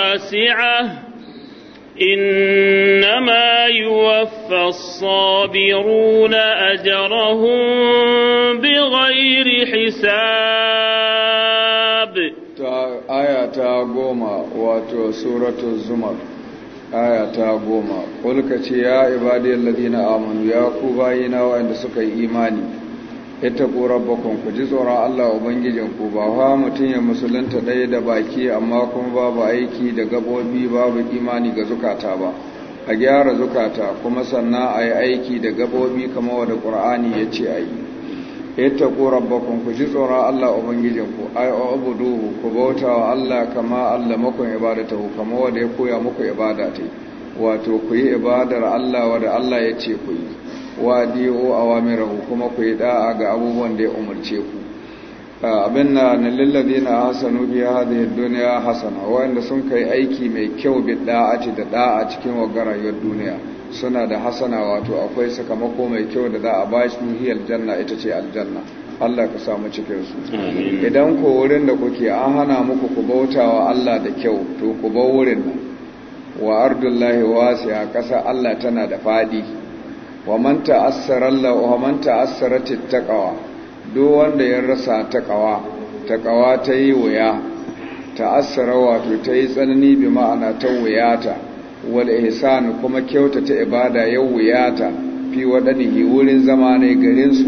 واسعة إنما يوفى الصابرون أجرهم بغير حساب آية تاغوما واتو سورة الزمر آية تاغوما قل كتيا يا عبادي الذين آمنوا يا كوباينا وعند سكي إيماني ita ku rabbakun ku ji tsoron Allah ku. ba fa mutum ya musulunta ɗaya da baki amma kuma babu aiki da gabobi babu imani ga zukata ba a gyara zukata kuma sannan a yi aiki da gabobi kama wadda ƙur'ani ya ce a yi ita ku rabbakun ku ji tsoron Allah ku. ai duhu ku bauta wa Allah kama Allah makon ibadata ku kama wadda ya koya muku ibada ta wato ku yi ibadar Allah wadda Allah ya ce ku yi wa diyo awamirahu kuma ku yi da'a ga abubuwan da ya umarce ku abin na lillazi na hasanu da ya duniya hasana wanda sun kai aiki mai kyau bi ce da da'a cikin wagarayar duniya suna da hasana wato akwai sakamako mai kyau da za a ba shi hiyar aljanna ita ce aljanna Allah ka samu cikinsu. idan ko wurin da kuke an hana muku ku bauta wa Allah da kyau to ku bar wurin nan wa ardullahi a kasa Allah tana da fadi wa man ta'assaralla wa man ta'assarat taqwa duk wanda ya rasa taqwa taqwa ta yi wuya ta'assara wato ta yi tsanani bi ma'ana ta wuyata wal ihsan kuma kyautata ibada ya wuyata fi wadanihi wurin zama ne garin su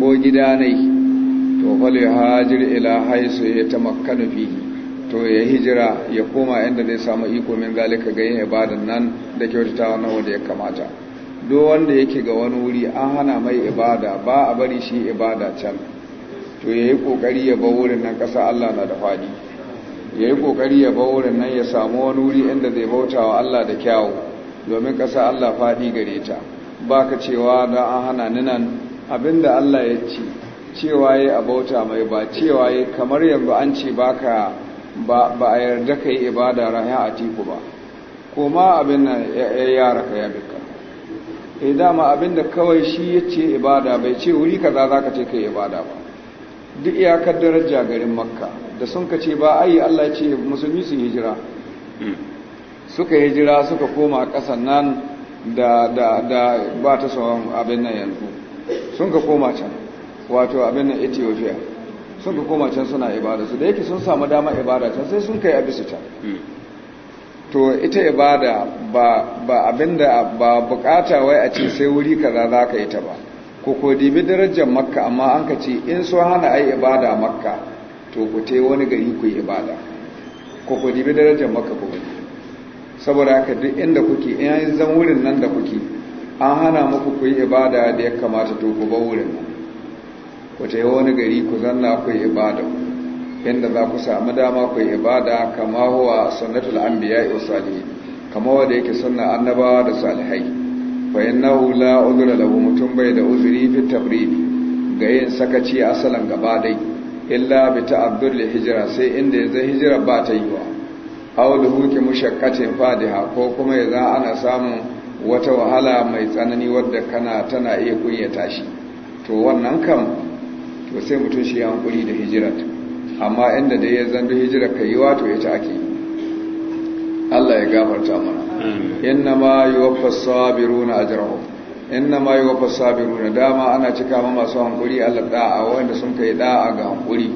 ko gidanai, ne to fal hajir ila haisu ya tamakkanu fihi to ya hijira ya koma inda zai samu iko min zalika ga yin ibadan nan da kyautatawa na wanda ya kamata duk wanda yake ga wani wuri an hana mai ibada ba a bari shi ibada can to yayi kokari ya ba wurin nan kasa Allah na da fadi yayi kokari ya ba wurin nan ya samu wani wuri inda zai bautawa Allah da kyawu domin kasa Allah fadi gare ta baka cewa da an hana ni nan abinda Allah ya ci cewa yayi a mai ba cewa yayi kamar yanzu an ce baka ba ba a yarda kai ibada raha a tiku ba koma abin nan ya yara ka ya bika eh dama abinda kawai shi yace ibada bai ce wuri kaza zaka ce kai ibada ba duk iyakar daraja garin makka da sun ka ce ba ayi Allah ya ce musulmi sun hijira suka hijira suka koma kasan nan da da da ba ta son abin nan yanzu sun ka koma can wato abin nan Ethiopia sun ka koma can suna ibada su da yake sun samu dama ibada can sai sun kai abisu can to ita ibada ba ba abinda ba bukata wai a ce sai wuri kaza za ka yi ta ba ko ko dibi darajar makka amma an ka ce in so hana ai ibada makka to ku te wani gari ku yi ibada ko ko dibi darajar makka ku gani saboda haka duk inda kuke in an zan wurin nan da kuke an hana muku ku yi ibada da ya kamata to ku ba wurin ku te wani gari ku zanna ku yi ibada ku inda za ku sami dama ku ibada kama huwa sunnatul anbiya wa salihin kama wanda yake sunna annabawa da salihai fa innahu la udra lahu mutum bai da uzuri fi tabrid ga yin sakaci asalan gaba dai illa bi ta'addur li hijra sai inda yaza hijra ba ta yiwa aw da huki mushakkati fadiha ko kuma yaza ana samun wata wahala mai tsanani wadda kana tana iya kunyata shi to wannan kam to sai mutum shi ya hankuri da hijirat amma inda dai ya zandu hijira ka yi wato ita ake Allah ya gafarta mana inna ma yuwaffa sabiruna ajrahum inna ma yuwaffa sabiruna dama ana cika ma masu hankuri Allah a wanda sun kai a ga hankuri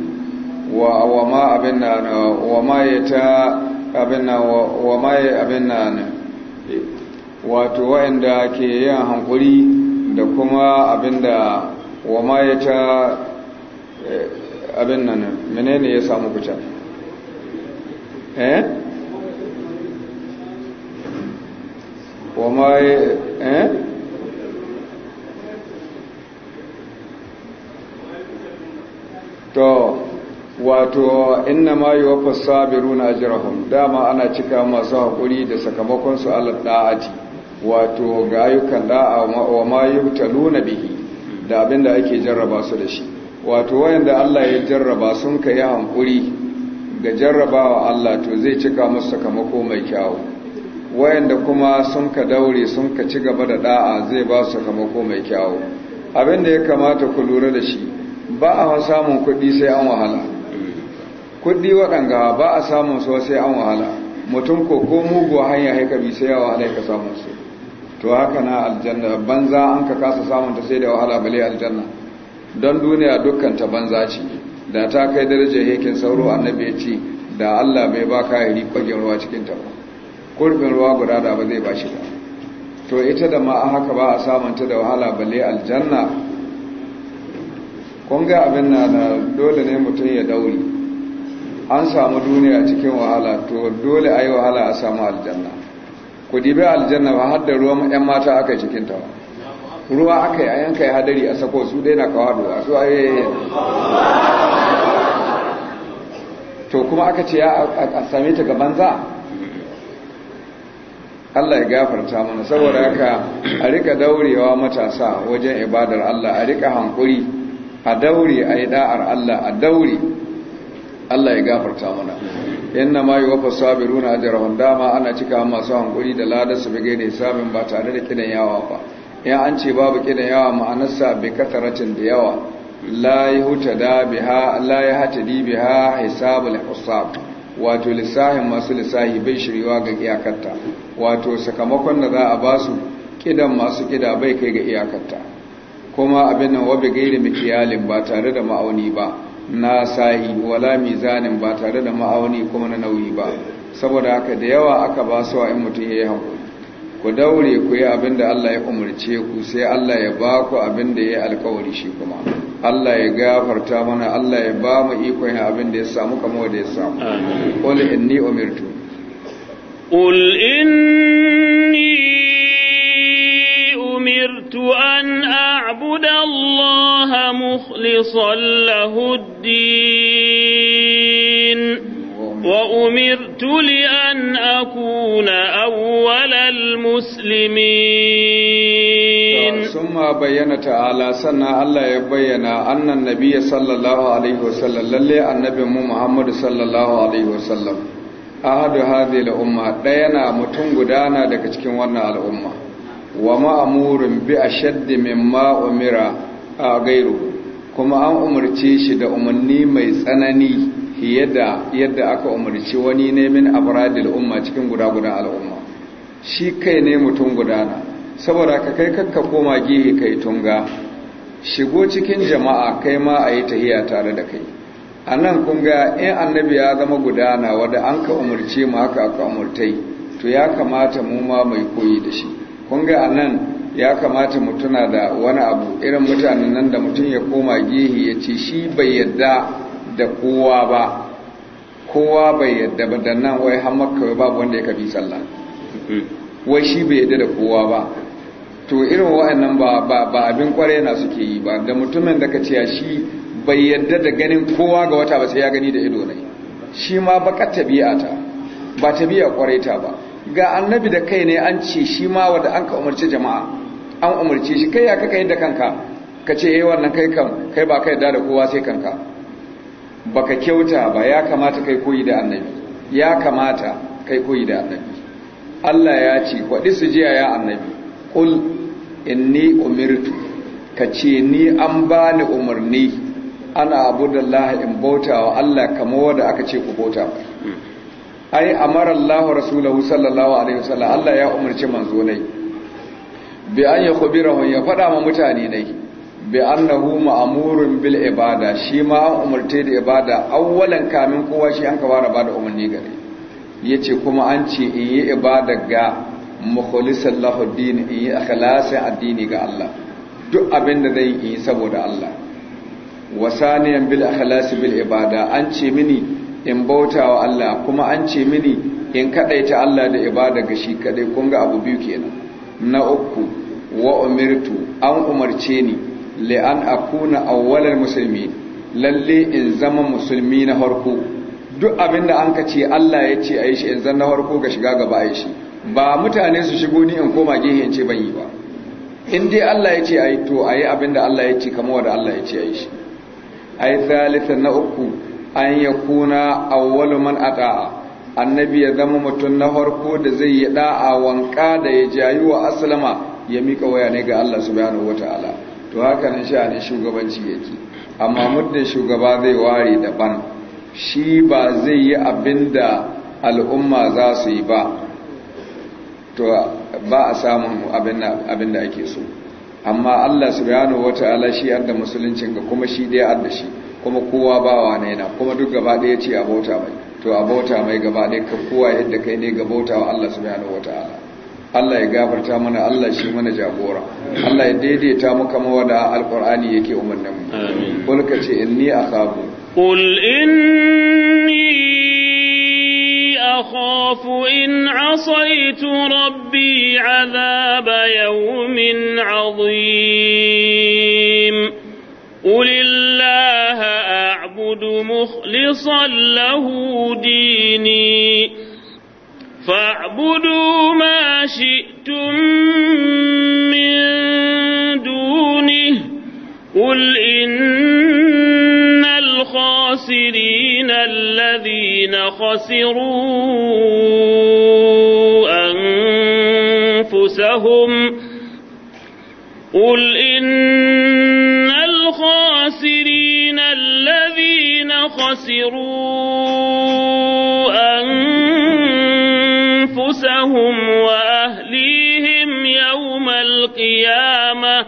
wa wa ma abin nan wa ma yata abin nan wa ma abin nan wato ke yin hankuri da kuma abin da wa ma yata eh, abin nan menene ya samu kucan eh wa ma eh to wato inna ma yuwaffa sabiruna ajrahum dama ana cika masu hakuri da sakamakon su Allah da'ati wato ga ayyukan da'a wa ma yutaluna bihi da abinda ake jarraba su da shi wato wayanda Allah ya jarraba sun ka yi hankuri ga jarrabawa Allah to zai cika musu sakamako mai kyau wayanda kuma sun ka daure sun ka ci gaba da da'a zai ba su sakamako mai kyau abin da ya kamata ku lura da shi ba a samun kuɗi sai an wahala kuɗi waɗanga ba a samun su sai an wahala mutum ko ko mugu hanya bi sai ya wahala ka samu su to haka na aljanna banza an ka kasa samun ta sai da wahala bale aljanna don duniya dukkan ta banza ce da ta kai darajar hekin sauro annabi ya ce da Allah bai ba ka yi kwagin ruwa cikin ta ba kurfin ruwa guda da ba zai ba shi ba to ita da ma haka ba a samunta da wahala balle aljanna kun ga abin na da dole ne mutum ya dauri an samu duniya cikin wahala to dole a yi wahala a samu aljanna ku dibe aljanna ba har da ruwan 'yan mata aka cikin ta ruwa aka yi a yanka ya hadari a sako su dai na kawo a su ayoyi to kuma aka ce a same ta ga banza Allah ya gafarta mana saboda haka a rika daurewa matasa wajen ibadar Allah a rika hankuri a daure a yi da'ar Allah a daure Allah ya gafarta mana yana ma yuwaffa sabiruna ajrahum dama ana cika masu hankuri da ladan su bige ne sabin ba tare da kidan yawa ba ya an ce babu kidan yawa ma'anarsa bi kasaratin da yawa la da biha la yahtadi biha hisabul hisab wato lissahin masu lissahi bai shiriwa ga iyakarta wato sakamakon da za a basu kidan masu kida bai kai ga iyakarta kuma abin nan wabi gairi mikiyalin ba tare da ma'auni ba na sahi wala mizanin ba tare da ma'auni kuma na nauyi ba saboda haka da yawa aka ba su a in mutum ya yi hankali ku daure ku yi abin da Allah ya umarce ku sai Allah ya ba ku abin da ya alkawari shi kuma Allah ya gafarta mana Allah ya ba mu ikon abin da ya samu kama da ya samu qul inni umirtu qul inni umirtu an أعبد Allah مخلصا له الدين وأمرت لأن أكون أول المسلمين ثم بيّن تعالى سنة الله يبين أن النبي صلى الله عليه وسلم للي النبي محمد صلى الله عليه وسلم أحد هذه الأمة دينا متنقدانا دكتكين ورنا الأمة وما أمور بأشد مما أمر غيره kuma an umarce shi da umarni mai tsanani yadda yadda aka umarci wani ne min abradil umma cikin guda guda al'umma shi kai ne mutum guda saboda ka kai kakka koma gihi kai tunga shigo cikin jama'a kai ma a yi tahiya tare da kai a nan kun ga in annabi ya zama gudana wadda an ka umarci mu haka aka umurtai to ya kamata mu ma mai koyi da shi kun ga a nan ya kamata mu tuna da wani abu irin mutanen nan da mutum ya koma gehe ya ce shi bai yadda da kowa ba kowa bai yadda ba da nan wai har makka babu wanda ya kafi sallah wai shi bai yadda da kowa ba to irin wa'annan ba ba abin kware na suke yi ba da mutumin da ka ce shi bai yadda da ganin kowa ga wata ba sai ya gani da ido ne shi ma baka tabi'a ta ba tabi'a kware ta ba ga annabi da kai ne an ce shi ma wanda an ka umarci jama'a an umarci shi kai ya kaka yadda kanka ka ce eh wannan kai kam kai ba kai da kowa sai kanka baka kyauta ba ya kamata kai koyi da annabi ya kamata kai koyi da annabi Allah ya ce waɗi su jiya ya annabi ƙul inni umirtu ka ce ni an ba ni umarni ana abu da Allah in bauta wa Allah kama wadda aka ce ku bauta ai amara Allah rasulahu sallallahu alaihi wasallam Allah ya umarci manzo nai bi an ya khubirahu ya faɗa ma mutane nai bi annahu ma'murun bil ibada shi ma an umarce da ibada awwalan kamin kowa shi an ka ba da umarni gare yace kuma an ce in yi ibada ga mukhlisan lahu din in yi ikhlasi addini ga Allah duk abinda zai yi saboda Allah wasaniyan bil ikhlasi bil ibada an ce mini in bautawa Allah kuma an ce mini in kadaita Allah da ibada ga shi kadai kun ga abu biyu kenan na uku wa umirtu an umarce ni li'an akuna awwalal musulmi lalle in zama musulmi na harko duk abinda an ka ce Allah ya ce a yi shi in zan na harko ga shiga gaba a shi ba mutane su shigo ni in koma gehe in ce ban yi ba in dai Allah ya ce a yi to a yi da Allah ya ce kama wanda Allah ya ce a yi shi a yi na uku an ya kuna awwalu man ɗa'a annabi ya zama mutum na harko da zai yi ɗa'a wanka da ya jayi wa aslama ya mika waya ne ga Allah subhanahu to haka nan sha'anin shugabanci yake amma muddin shugaba zai ware daban shi ba zai yi abin al'umma za su yi ba to ba a samun abin da ake so amma Allah subhanahu wata'ala shi adda musuluncin ga kuma shi dai adda shi kuma kowa bawa ne na kuma duk gaba ɗaya ce abota mai to abota mai gaba ɗaya ka kowa yadda kai ne gabota wa Allah subhanahu wata'ala Allah ya gafarta mana Allah shi mana jagora Allah ya daidaita mu kama wada alqur'ani yake umarnin mu amin kul ka ce inni akhafu qul inni akhafu in asaitu rabbi azaba yawmin azim قل الله أعبد مخلصا له ديني فاعبدوا ما شئتم من دونه قل إن الخاسرين الذين خسروا أنفسهم قل إن الخاسرين الذين خسروا القيامة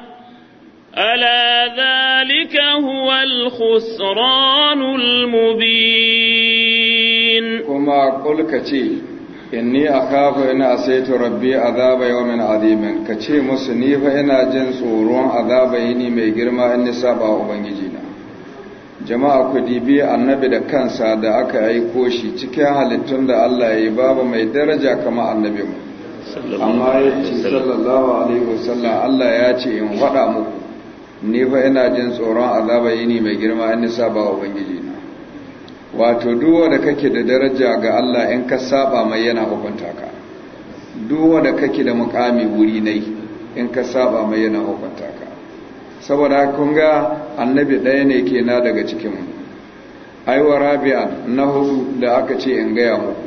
ألا ذلك هو الخسران المبين كما قل كتي إني أخاف إن أسيت ربي عذاب يوم عظيم كتي مسني فإن أجن سورون عذاب يني ميجرما إني سابع أبنجينا jama'a ku dibi annabi da kansa da aka aiko shi cikin halittun da Allah ya yi babu mai amma ya ce sallallahu alaihi wasallam Allah ya ce in faɗa muku ne fa ina jin tsoron azaba yini mai girma nisa ba wa bangiji na wato duwa da kake da daraja ga Allah in ka saba mai yana hukunta ka duwa da kake da mukami wuri nai in ka saba mai yana hukunta ka saboda kun ga annabi ɗaya ne ke na daga cikinmu aiwa rabi'a na hudu da aka ce in gaya muku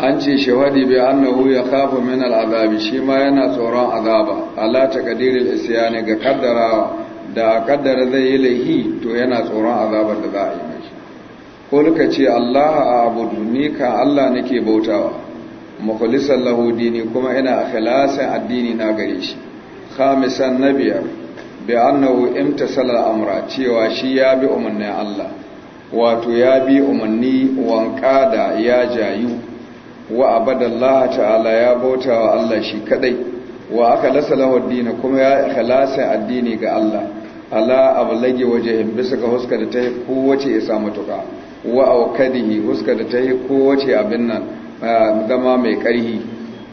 an ce shawadi bai annahu ya kafa min al'azabi shi ma yana tsoron azaba Allah ta kadirin ne ga kaddarawa da kaddara zai yi laihi to yana tsoron azabar da za a yi mai kulka ce Allah a abudu ni ka Allah nake bautawa mukhlisan lahu dini kuma ina ikhlasin addini na gare shi khamisan nabiyar bi annahu salar amra cewa shi ya bi umarnin Allah wato ya bi umarni wanka da ya jayu wa abadallaha ta'ala ya bauta wa Allah shi kadai wa aka lasalahu addini kuma ya ikhlasin addini ga Allah ala ablagi wajehin bisa ga huska da ko wace ya samu tuka wa aukadihi huska da ko wace abin nan zama mai karhi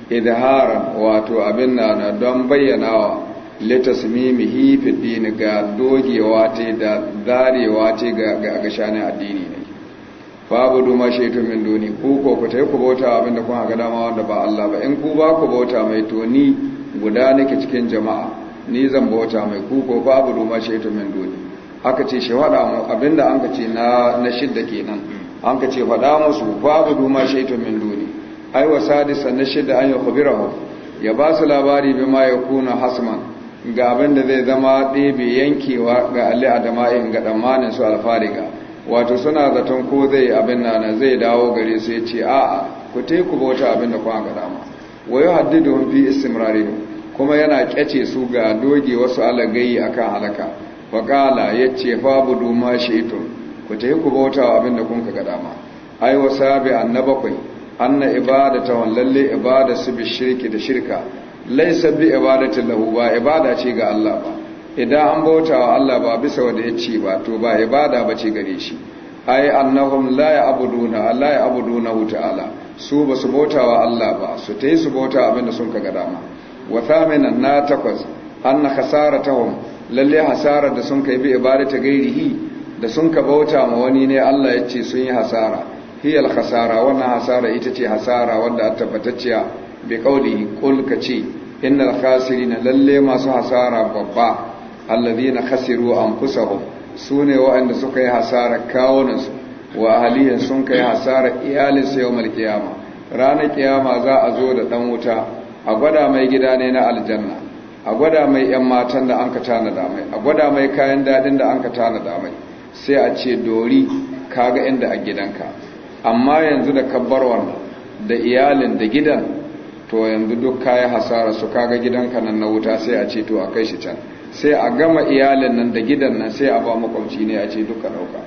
idhar wato abin nan don bayyanawa litasmimihi fi dini ga dogewa ta da zarewa ta ga ga shani addini ne babu duma shaitun min duni ku ko ku yi ku bauta abinda kun haka dama wanda ba Allah ba in ku ba ku bauta mai to ni guda nake cikin jama'a ni zan bauta mai ku ko babu duma shaitun min duni aka ce shi faɗa mu abinda an ka ce na na shidda kenan an ka ce faɗa musu babu duma shaitun min duni ai wa sadisa na shidda an yi khabirahu ya ba su labari ma yakuna hasman ga abinda zai zama ɗebe yankewa ga alli adama'in ga damanin su alfariga wato suna zaton ko zai abin nan zai dawo gare su ya ce a'a ku te ku bauta abin da kuma ga dama wa yuhaddiduhum fi istimrarihim kuma yana kyace su ga doge wasu alagayi kan halaka faƙala ya ce fa budu ma ito ku te ku bauta abin da kun ga dama ai wasabi annabakwai anna ibadata wan lalle ibada su bi shirki da shirka laysa bi ibadatin lahu ba ibada ce ga Allah ba idan an bauta wa Allah ba bisa wanda ya ce ba to ba ibada ba ce gare shi ai annahum la ya'buduna la ya'buduna ta'ala su ba su bauta wa Allah ba su yi su bauta abinda sun kaga dama wa thaminan na takwas anna khasaratahum lalle hasara da sun kai bi ibadata gairihi da sun ka bauta ma wani ne Allah ya ce sun yi hasara hiyal khasara wannan hasara ita ce hasara wanda a tabbatacciya bi qawli qul kace innal khasirin lalle masu hasara babba alladhina khasiru anfusahum sune waɗanda suka yi hasara kawunansu wa sun kai hasara iyalinsu yawmal qiyama ranar kiyama za a zo da dan wuta a gwada mai gida ne na aljanna a gwada mai yan matan da an ka da mai a gwada mai kayan dadin da an ka da mai sai a ce dori kaga inda a gidanka amma yanzu da kabbar wannan da iyalin da gidan to yanzu duk kayi hasara su kaga gidanka nan na wuta sai a ce to a kai shi can sai a gama iyalin nan da gidan nan sai a ba makwamci ne a ce duka dauka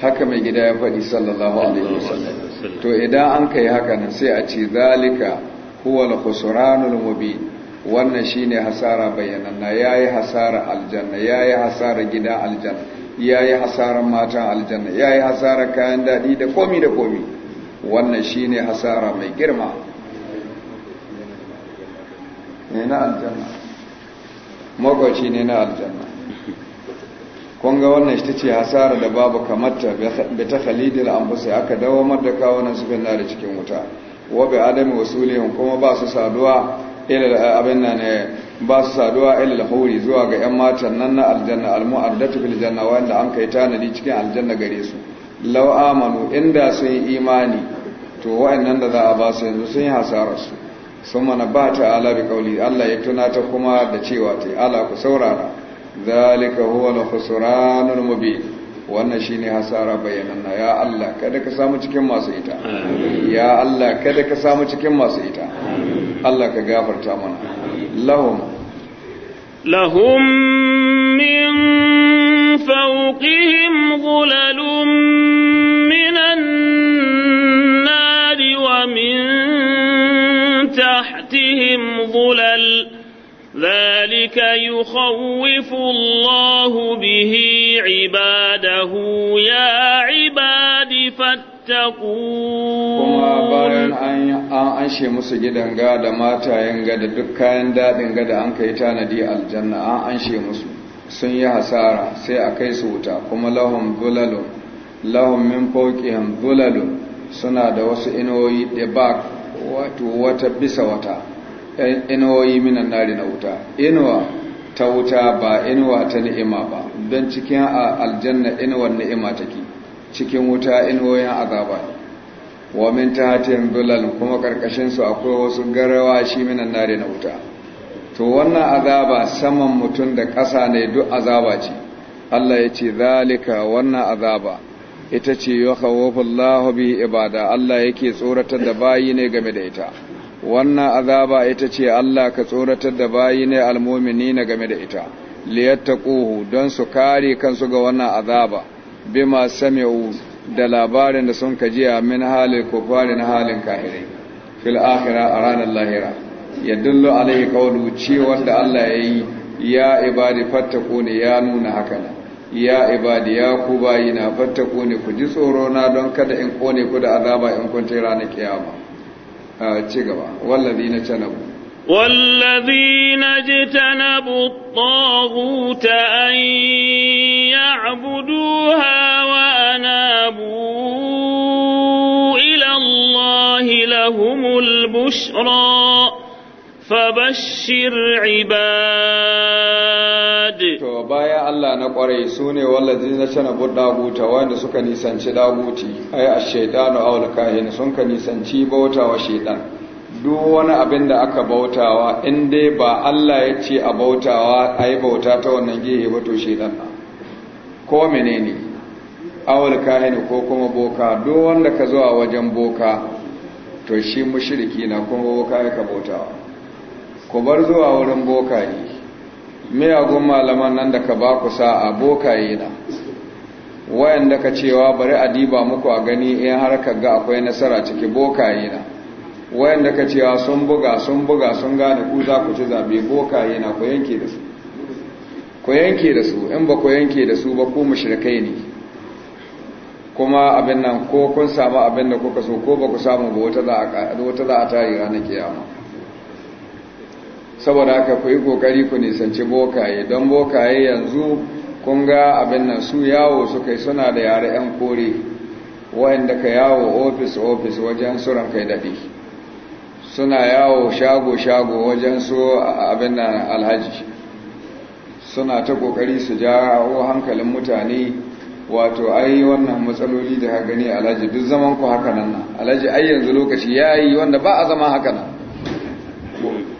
haka mai gida ya faɗi sallallahu alaihi wasallam to idan an kai haka nan sai a ce zalika huwa la khusranul mubin wannan shine hasara bayyananna yayi hasara aljanna yayi hasara gida aljanna yayi hasara matan aljanna yayi hasara kayan dadi da komi da komi wannan shine hasara mai girma ne na aljanna makwaci ne na aljanna kun ga wannan ta ce hasara da babu kamata bi ta khalidil anfusi aka dawo da kawunan su bin da cikin wuta wa bi adami wasulihim kuma ba su saduwa ila abin nan ne ba su saduwa ila huri zuwa ga yan matan nan na aljanna almu'addatu fil janna inda an kai tanadi cikin aljanna gare su law amanu inda sun imani to wa'annan da za a ba su yanzu sun yi hasarar su sun mana ba ta ala bi kauli Allah ya tuna ta kuma da cewa ta ala ku saurara zalika huwa al-khusranul mubin wannan shine hasara bayananna ya Allah kada ka samu cikin masu ita ya Allah kada ka samu cikin masu ita Allah ka gafarta mana lahum lahum min fawqihim ghulalun minan فوقهم ظلل ذلك يخوف الله به عباده يا عباد فاتقون kuma bayan an anshe musu gidan ga da matayen ga da duk kayan daɗin ga da an kai tanadi aljanna an anshe musu sun yi hasara sai a kai su wuta kuma lahum dulalun lahum min fawqihim dulalun suna da wasu inoyi da ba wato wata bisa wata Eh, inuwoyi minan nari na wuta inuwa ta wuta ba inuwa ta ni'ima ba don cikin aljanna inuwar ni'ima take cikin wuta inuwoyin azaba ne wa min tahatin dhulal kuma karkashin su akwai wasu garawa shi minan nari na wuta to wannan azaba saman mutum da ƙasa ne duk azaba ce Allah ya ce zalika wannan azaba ita ce ya kawo bi ibada Allah yake tsoratar da bayi ne game da ita wannan azaba ita ce Allah ka tsoratar da bayi ne almomini na game da ita ƙuhu don su kare kansu ga wannan azaba bima sami'u da labarin da sun kajiya min halin kofarin halin kahirai fil a ranar lahira ya dullo alaihi qawlu ce wanda Allah yi ya ibadi ne ya nuna haka ya ibadi ya ku bayi na ne ku ji tsoro na don kada in kone ku da azaba in kwanci ranar kiyama ci آه، gaba والذين اجتنبوا الطاغوت أن يعبدوها وأنابوا إلى الله لهم البشرى فبشر عباد to baya Allah na kwarai sune wallazi na cana budaguta wanda suka nisanci daguti ai ash-shaytanu aw sun ka nisanci bautawa shaytan duk wani abin aka bautawa in dai ba Allah ya ce a bautawa ai bauta ta wannan gehe ba to shaytan na ko menene aw al-kahin ko kuma boka duk wanda ka zo a wajen boka to shi mushriki na kuma boka ya ka bautawa ku bar zuwa wurin bokaye miyagun malaman nan da ka ba ku sa'a bokaye na da ka cewa bari a diba muku a gani in har ka ga akwai nasara ciki bokaye na da ka cewa sun buga sun buga sun gane ku za ku ci zabe bokaye na ku yanke da su ku yanke da su in ba ku yanke da su ba ku mushrikai ne kuma abin nan ko kun samu abin da kuka so ko ba ku samu ba wata za a tare ranar kiyama saboda haka ku yi kokari ku nisanci bokaye don bokaye yanzu kun ga abin nan su yawo su kai suna da yare 'yan kore wa'anda ka yawo ofis-ofis wajen suran kai daɗi suna yawo shago-shago wajen su abin nan alhaji suna ta kokari su jawo hankalin mutane wato ai wannan matsaloli da gani alhaji duk zaman ku haka nan alhaji ai yanzu lokaci ya yi wanda ba a zama haka nan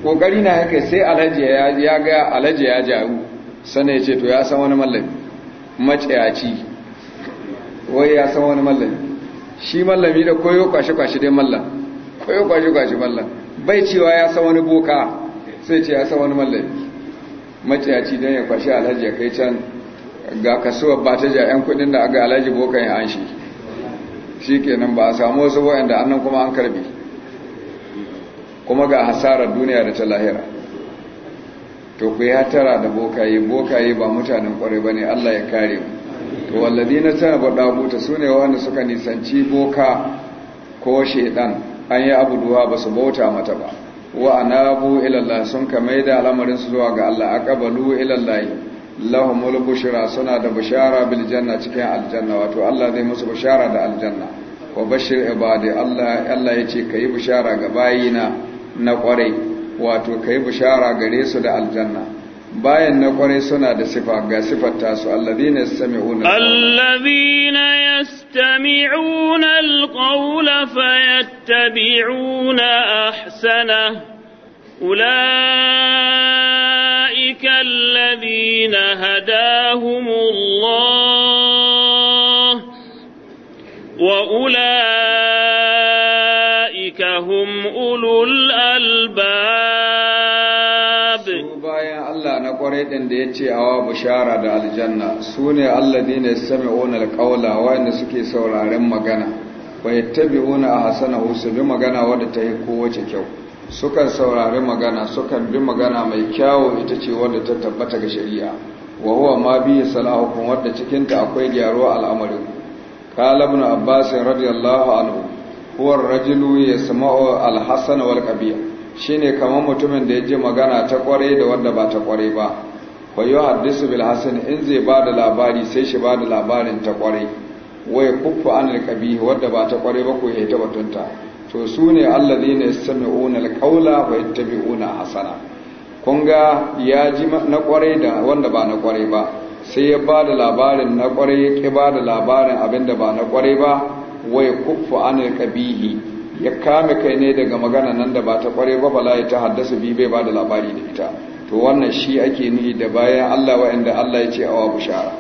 kokari na yake sai alhaji ya ga alhaji ya jaru sanai ya ce to ya san wani mallami maciyaci wai ya san wani mallami shi mallami da koyo kwashe-kwashe dai mallam koyo kwashe-kwashe mallam bai cewa ya san wani boka sai ce ya san wani mallami maciyaci don ya kwashe alhaji ya kai can ga kasuwar ba ta ja 'yan kudin da aga alhaji bokan ya an shi shi kenan ba a samu wasu wa'anda annan kuma an karbi kuma ga hasarar duniya da ta lahira to ku ya tara da bokaye bokaye ba mutanen kwarai ba ne allah ya kare mu to wallazi na tana ba buta su ne wanda suka nisanci boka ko shaidan an yi abu duwa ba su bauta mata ba wa anabu ilallah sun mai da al'amarin su zuwa ga allah aqbalu Lahu lahumul bushra suna da bushara bil janna cikin aljanna wato Allah zai musu bushara da aljanna wa bashir ibadi Allah Allah yace kai bushara ga bayina na kwarai wato kai bishara gare su da aljanna bayan na kwarai suna da sifa ga sifar tasu alladhina yastami'una alladhina yastami'una alqawla fayattabi'una ahsana أولئك الذين هداهم الله وأولئك ɗin da ya ce awa bishara da aljanna su ne alladi ne sami onar ƙaula wayanda suke sauraren magana ba ya tabi ona a hasana su bi magana wadda ta yi kowace kyau sukan saurari magana sukan bi magana mai kyawo ita ce wadda ta tabbata ga shari'a wa huwa ma bi salahukun wadda cikinta akwai gyaruwa al'amari qala ibn abbas radiyallahu anhu huwa ar-rajulu yasma'u al-hasana wal shine kamar mutumin da ya ji magana ta kware da wanda ba ta kware ba fa yi haddisu bil hasan in zai ba da labari sai shi ba da labarin ta kwarai wai kuffa an alkabi wadda ba ta kwarai ba ko ya ta batunta to su ne allazi ne sami sami'una alqaula wa una hasana kun ga ya ji na kwarai da wanda ba na kwarai ba sai ya ba da labarin na kwarai ya ki ba da labarin abin da ba na kwarai ba wai kuffa an alkabihi ya kame kai ne daga magana nan da ba ta kwarai ba bala ya ta haddasa bi bai ba da labari da ita to wannan shi ake nihi da bayan Allah wa'anda Allah ya ce awa bushara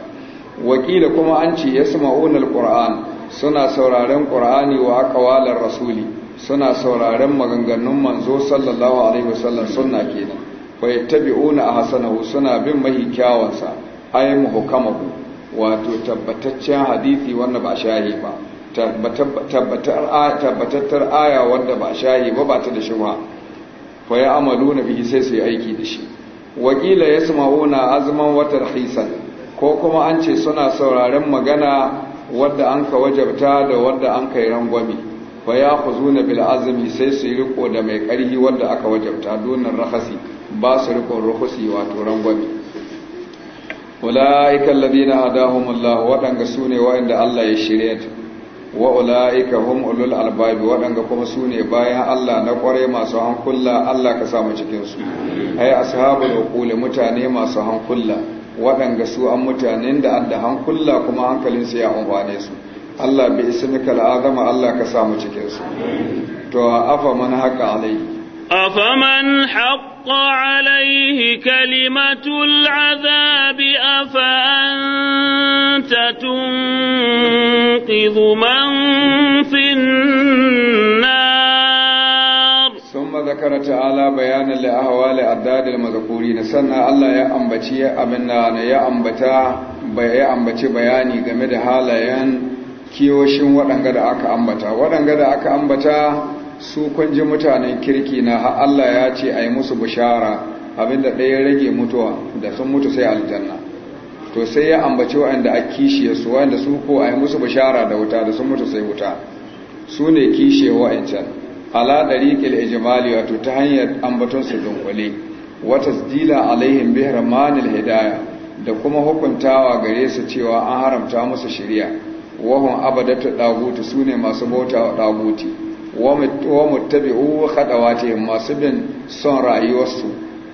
wakila kuma an ce ya unar alquran suna sauraren qur'ani wa aqwalar rasuli suna sauraren maganganun manzo sallallahu alaihi wasallam sunna kenan wa yattabi'una ahsanahu suna bin mahi kyawansa ayyamu hukamahu wato tabbataccen hadisi wanda ba shahi ba tabbatattar aya wanda ba shahi ba ba ta da shi fa ya amalu na bihi sai su yi aiki da shi wakila ya na azman watar hisan ko kuma an ce suna sauraren magana wadda an ka wajabta da wadda an ka yi rangwami ba ya zuna bil bil'azumi sai su yi riko da mai karhi wadda aka wajabta donin rahasi ba su rikon rahusi wato rangwami wala'ikan ladina hadahumullah waɗanda su ne waɗanda allah ya shirya ta. wa ula'ika hum ulul albabi waɗanda kuma su ne bayan Allah na ƙware masu hankula Allah ka samu cikinsu ai ashabul uquli mutane masu hankula waɗanda su an mutanen da adda hankula kuma hankalinsu ya umfane su Allah bi ismikal azama Allah ka samu cikinsu to afa man haqa alai afa man حق عليه كلمة العذاب أفأنت تنقذ من في النار ثم ذكر تعالى بيانا لأهوال أعداد المذكورين سنة الله يا أمبتي أبنا يا أمبتا يا أمبتي بياني جمد حالا كيوشن waɗanga da aka ambata waɗanga da aka ambata su kun mutanen kirki na ha Allah ya ce a yi musu bishara abinda ɗaya rage mutuwa da sun mutu sai aljanna to sai ya ambaci waɗanda a kishiye su da su ko a yi musu bishara da wuta da sun mutu sai wuta su ne kishiye wa'ancan ala ɗariƙil ijimali wato ta hanyar ambaton su dunkule wata zila alaihin bihar manil hidaya da kuma hukuntawa gare su cewa an haramta musu shari'a wahun abadatu su ne masu bauta wa wa haɗawa khadawati masu bin son rayuwarsu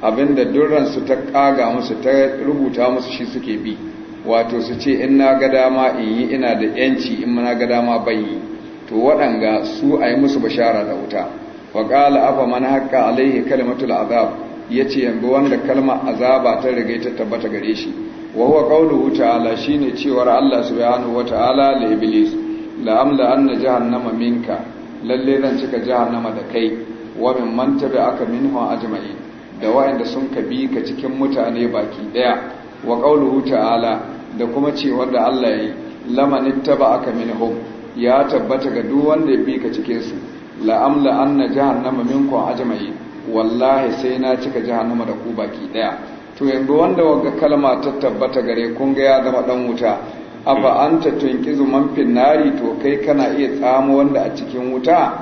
abinda durransu ta kaga musu ta rubuta musu shi suke bi wato su ce in na ga dama in yi ina da yanci in na ga dama bai yi to waɗanga su a yi musu bashara da wuta wa ƙala afa man haƙƙa alaihi kalmatul azab ya ce yanzu wanda kalma azaba ta riga ta tabbata gare shi wa huwa qawluhu ta'ala shine cewar Allah subhanahu wa ta'ala li iblis la amla anna jahannama minka lalle zan cika jahannama da kai wa min man aka minhu ajma'i da wa'anda sun ka ka cikin mutane baki daya wa qauluhu ta'ala da kuma cewa da Allah yayi laman aka minhum ya tabbata ga duk wanda ya bi ka cikin su amla anna jahannama minkum ajma'i wallahi sai na cika jahannama da ku baki daya to yanzu wanda wanga kalma ta tabbata gare kun ga ya zama dan wuta afa an ta man fin nari to kai kana iya tsamo wanda a cikin wuta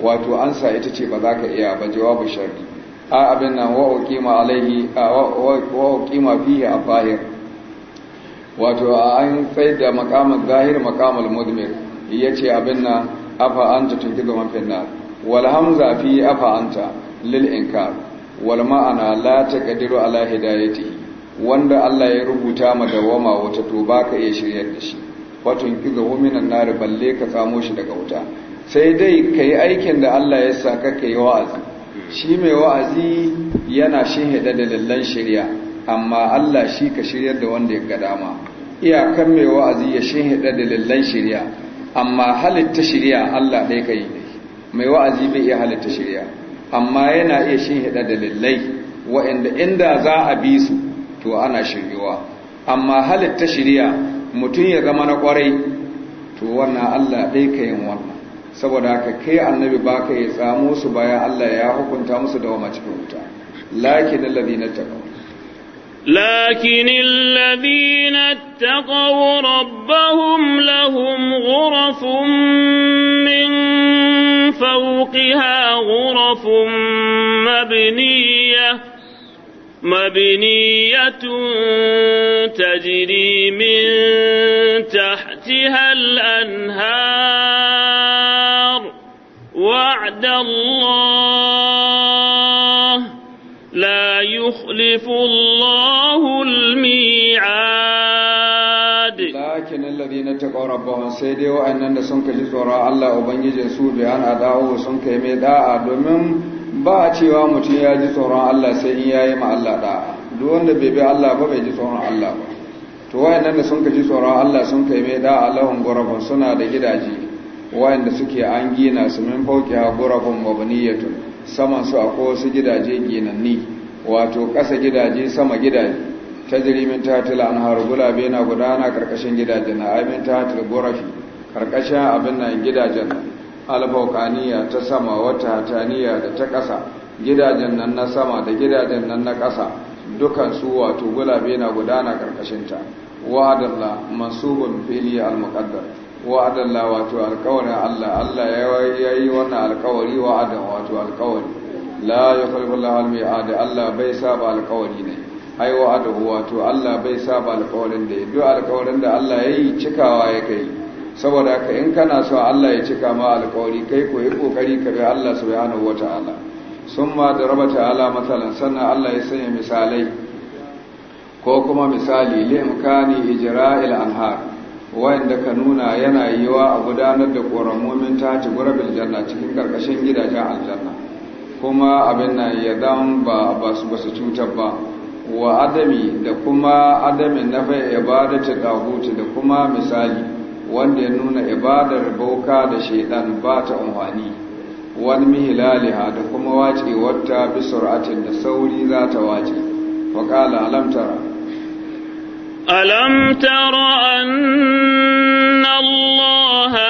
wato ansa ita ce ba za ka iya ba jawabu sharri a abin nan wa uqima alaihi wa uqima fihi afahir wato an tsai da makamun zahir maqamul mudmir ce abin nan afa an ta man fin nari wal hamza fi afa anta lil inkar wal ma'ana la taqdiru ala hidayatihi wanda Allah ya rubuta ma dawama wata to baka iya shiryar da shi watun kizahu minan nar balle ka tsamo shi daga wuta sai dai kai aikin da Allah ya saka yi wa'azi shi mai wa'azi yana hada da lallan shari'a amma Allah shi ka shiryar da wanda ya ma iyakan mai wa'azi ya hada da lallan shari'a amma halitta shari'a Allah dai kai mai wa'azi bai iya halitta shari'a amma yana iya hada da lallai wa'anda inda za a bi su to ana shiryewa amma halitta shirya mutum ya zama na kwarai to wannan Allah ɗai ka yin wannan saboda haka kai annabi ba ka yi tsamo su bayan Allah ya hukunta musu da wama cikin wuta lakin alladhina taqaw لكن الذين اتقوا ربهم لهم غرف من فوقها غرف مبنيه مبنية تجري من تحتها الأنهار وعد الله لا يخلف الله الميعاد لكن الذين اتقوا ربهم سيدي وأننا سنك جزورا الله وبنجي جنسو بأن أداؤه سنك ميداء دمم ba a cewa mutum ya ji tsoron Allah sai in yayi ma Allah da duk wanda bai bi Allah ba bai ji tsoron Allah ba to wayannan da sun ka ji tsoron Allah sun kai mai da lawan gurabun suna da gidaje wayanda suke an gina su min fauki ha gurabun mabniyatu saman su akwai wasu gidaje ginanni wato kasa gidaje sama gidaje tajri min tahtil anhar gulabe na gudana karkashin gidajen na ai min tahtil gurafi karkashin abin nan gidajen albaukaniya ta sama wata hataniya da ta ƙasa gidajen nan na sama da gidajen nan na ƙasa dukansu wato gulabe na gudana ƙarƙashinta wa'adalla mansubun fili al wa'adalla wato alƙawarin Allah Allah ya yi wannan alƙawari wa'adan wato alƙawari la yukhlifu Allahu al-mi'ad Allah bai saba alƙawari ne ai wa'adahu wato Allah bai saba alƙawarin da duk alƙawarin da Allah yi cikawa ya kai. saboda ka in kana so Allah ya cika ma alƙawari kai ko yi kokari ka bi Allah subhanahu wataala da raba ta'ala masalan sannan Allah ya sanya misalai ko kuma misali limkani ijra'il anhar wanda ka nuna yana yiwa a gudanar da ƙoramomin ta ci gurabil janna cikin karkashin gidajen aljanna kuma abin nan ya dan ba ba su cutar ba wa adami da kuma adamin nafa ibadatu da kuma misali wanda ya nuna ibadar bauka da shaidan ba ta umarni, wani mihilaliha da kuma wace wata sur'atin da sauri za ta wace faƙala alamtara alamtara an allaha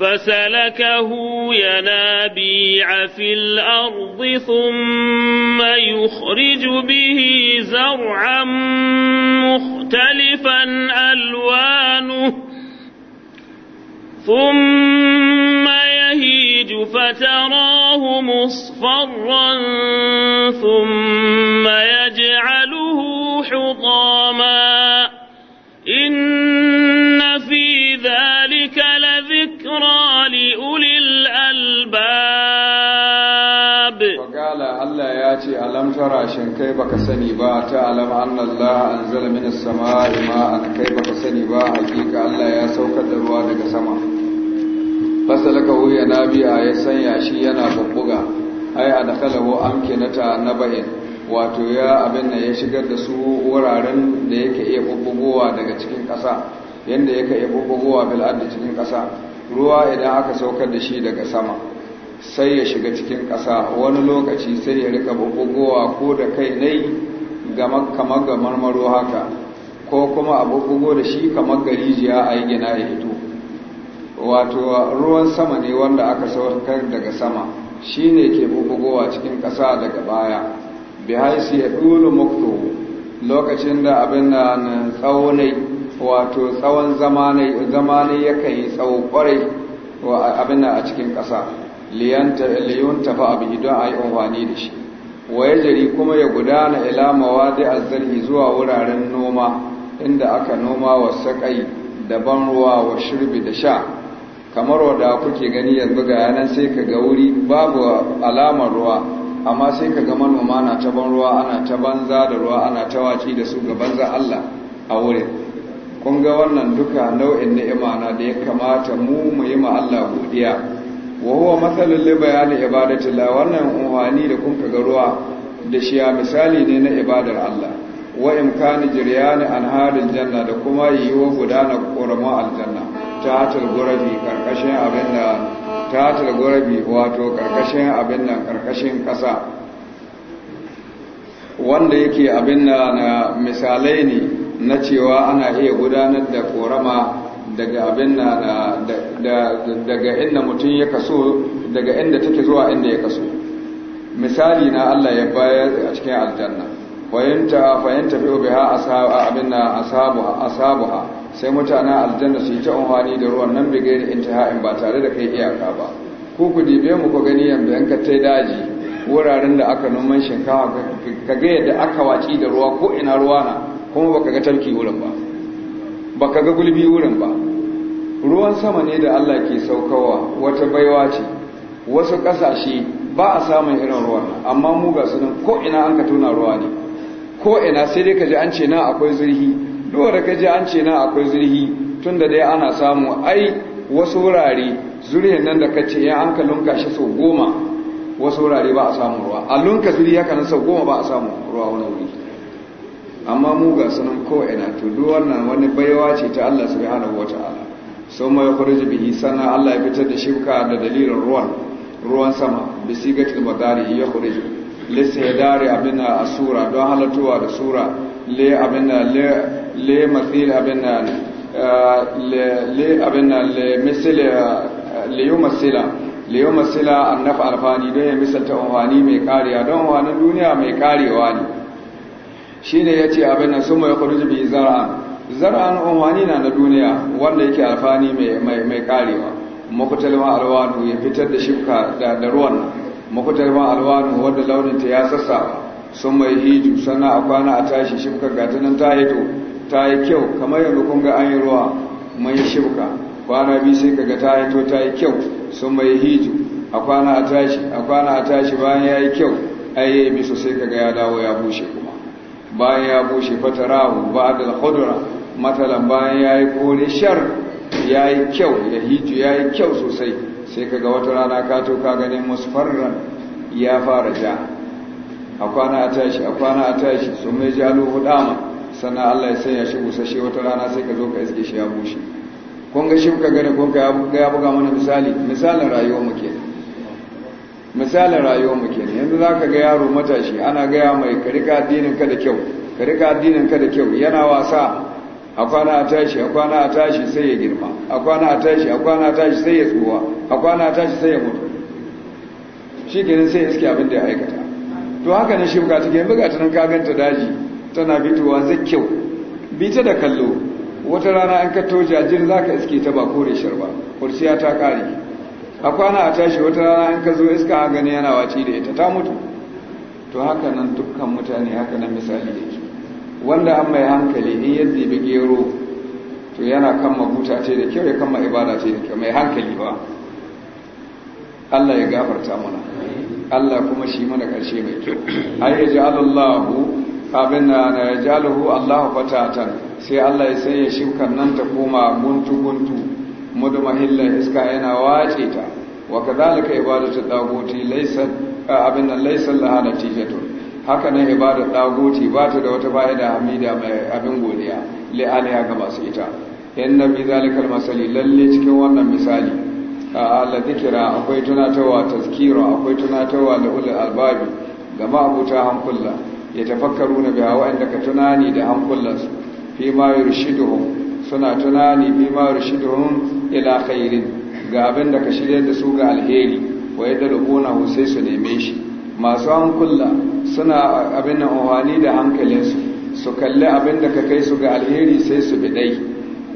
فسلكه ينابيع في الأرض ثم يخرج به زرعا مختلفا ألوانه ثم يهيج فتراه مصفرا ثم يجعله حطاما إن ذكرى لأولي الألباب وقال ألا ياتي ألم ترى شن كيف كسني با تعلم أن الله أنزل من السماء ماء كي بك سني با حقيقة ألا يا سوك دروا دك سما فسلك هو يا ينابي آية سنيا شينا ببغا أي أدخله أمكنة نبئ wato ya abin da ya shigar da su wuraren da yake iya bubbugowa daga cikin ƙasa yadda yake iya bubbugowa bil'ad da cikin ƙasa ruwa idan aka saukar da shi daga sama sai ya shiga cikin ƙasa wani lokaci sai ya rika bugugowa ko da kai nai kamar ga marmaro haka ko kuma a bugugo da shi kamar ga rijiya a yi gina ya hito wato ruwan sama ne wanda aka saukar daga sama shi ne ke bugugowa cikin ƙasa daga baya bihaisi ya ɗulu mukto lokacin da abin da tsawonai wato tsawon zamanai yakan yi tsawo kwarai abin a cikin ƙasa liyun tafi abin don a yi amfani da shi waye jari kuma ya gudana ilamawa da azzarhi zuwa wuraren noma inda aka noma wa saƙai da ban ruwa wa shirbi da sha kamar wadda kuke gani ya buga yanan sai ka ga wuri babu alamar ruwa amma sai ka ga manoma na ta ban ruwa ana ta banza da ruwa ana ta waci da su ga banza Allah a wurin kun ga wannan duka nau'in ni'ima na da ya kamata mu mu yi ma Allah godiya wa huwa masalul li ibadati la wannan da kun ga ruwa da ya misali ne na ibadar Allah wa imkani jiryan anharil janna da kuma yiwo gudana korama aljanna ta ta gurabi karkashin abin da ta ta gurabi wato karkashin abin nan karkashin kasa wanda yake abin na misalai ne na cewa ana iya gudanar da korama daga abin na daga inda mutum ya kaso daga inda take zuwa inda ya kaso misali na Allah ya bayar a cikin aljanna fahimta fahimta fi biha abin na asabuha sai mutane aljanna su yi ta umarni da ruwan nan bigayar intiha'in ba tare da kai iyaka ba ko ku dibe mu ku gani yanzu yan ka tai daji wuraren da aka noman shinkafa ka ga yadda aka waci da ruwa ko ina ruwa na kuma baka ga tafki wurin ba baka ga gulbi wurin ba ruwan sama ne da Allah ke saukawa wata baiwa ce wasu kasashe ba a samun irin ruwan amma mu ga sunan ko ina an ka tona ruwa ne ko ina sai dai kaji an ce na akwai zurhi dole da kaji an ce na akwai zurhi tunda dai ana samu ai wasu wurare zurhin nan da kace ya eh, an ka lunka shi sau goma wasu wurare ba a samu ruwa a lunka zuri ya nan sau goma ba a samu ruwa wani wuri amma mu ga sunan ko'ina to duk wannan wani baiwa ce ta Allah subhanahu wata'ala sau mai kwarji bihi sana Allah ya fitar da shibka da dalilin ruwan ruwan sama da sigatul madari ya kwarji lissa ya dare abin a sura don halatuwa da sura le abin le mathil abin eh, le abin le misil eh, le yi masila le yi masila annafa alfani don ya misalta amfani mai kariya don wani duniya mai karewa ne Shi ne ya ce abin nan summa yakhruju bi zara'an zara'an unwani na na duniya wanda yake alfani mai mai karewa makutalma alwanu ya fitar da shifka da ruwan nan makutalma alwanu wanda launin ta ya sassa sun mai hiju sannan a kwana a tashi shifka gata nan ta hito ta yi kyau kamar yanzu kun ga an yi ruwa mai shifka kwana biyu sai kaga ta hito ta yi kyau sun mai hiju a kwana a tashi a kwana a tashi bayan ya yi kyau ayyai ya sai kaga ya dawo ya bushe kuma bayan ya bushe wa ba da khudra matalan bayan yayi kore shar yayi kyau ya hiju yayi kyau sosai sai kaga wata rana ka to ka ganin musfarran ya fara ja a kwana a tashi a kwana a tashi sun mai jalo hudama sannan Allah ya sanya shi busashe wata rana sai ka zo ka iske shi ya bushe kun ga shi kuka gani kun ya buga mana misali misalin rayuwar mu misalin rayuwar muke ne yanzu ka ga yaro matashi ana gaya mai ka rika addinin ka da kyau ka rika addinin ka da kyau yana wasa a kwana a tashi a kwana a tashi sai ya girma a kwana a tashi a kwana a tashi sai ya tsuwa a kwana a tashi sai ya mutu shi kenan sai iske abin da ya aikata to haka ne shi bukatu ke tunan nan ta daji tana fitowa zai kyau bita da kallo wata rana an katto jajir za ka iske ta ba kore shar ba kurciya ta kare a kwana a tashi wata rana in ka zo iska a gani yana waci da ita ta mutu to haka nan dukkan mutane haka nan misali ke wanda an mai hankali in ya zibi gero to yana kan huta ce da kyau ya kama ibada ce da kyau mai hankali ba Allah ya gafarta mana Allah kuma shi mana karshe mai kyau ai ya ji alallahu abin da na ya ji alahu Allah fatatan sai Allah ya sanya shukan nan ta koma guntu-guntu mudmahilla iska yana wace ta wa kadhalika ibadatu daguti laysa abin nan laysa laha natijatu haka nan ibadatu daguti ba ta da wata fa'ida hamida mai abin godiya li aliya ga masu ita inna bi zalikal masali lalle cikin wannan misali ala dhikra akwai tunatarwa tazkira akwai tunatawa da ulul albabi ga ma'abuta hankulla ya tafakkaru na biya wa'anda ka tunani da hankullansu fi ma yurshiduhum suna tunani bi ma rushiduhum ila khairin ga abin da ka shirya da su ga alheri wa yadda rubuna sai su neme shi masu hankula suna abin da ohani da hankalinsu su kalli abin da ka kai su ga alheri sai su bidai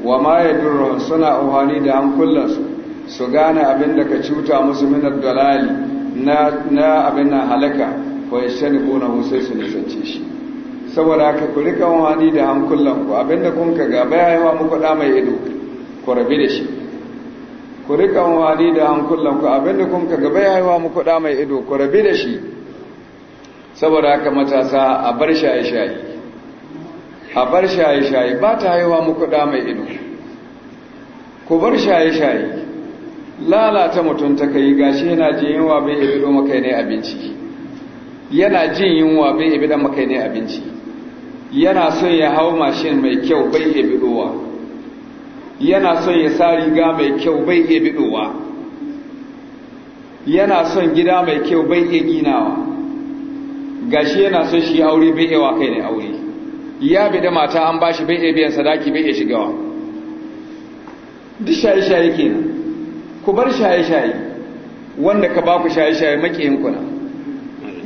wa ma yadurruhum suna ohani da hankulansu su gane abin da ka cuta musu min dalali na abin nan halaka wa yashani bona sai su nisanci shi saboda haka ku rika wani da hankulan ku abinda kun ka ga baya yawa muku da mai ido ku rabi da shi ku rika wani da hankulan ku abinda kun ka ga baya yawa muku da mai ido ku rabi da shi saboda haka matasa a bar shaye-shaye a bar shaye-shaye ba ta yawa muku da mai ido ku bar shaye-shaye lalata mutum ta kai gashi yana jin yunwa bai ido makai ne abinci yana jin yunwa bai don makai ne abinci yana son ya hau mashin mai kyau bai iya biɗowa yana son ya sa riga mai kyau bai iya biɗowa yana son gida mai kyau bai iya ginawa gashi yana son shi aure bai iya wa kai ne aure ya bi da mata an bashi bai iya biyan sadaki bai iya shigawa duk shaye-shaye kenan ku bar shaye-shaye wanda ka ba ku shaye-shaye makiyin na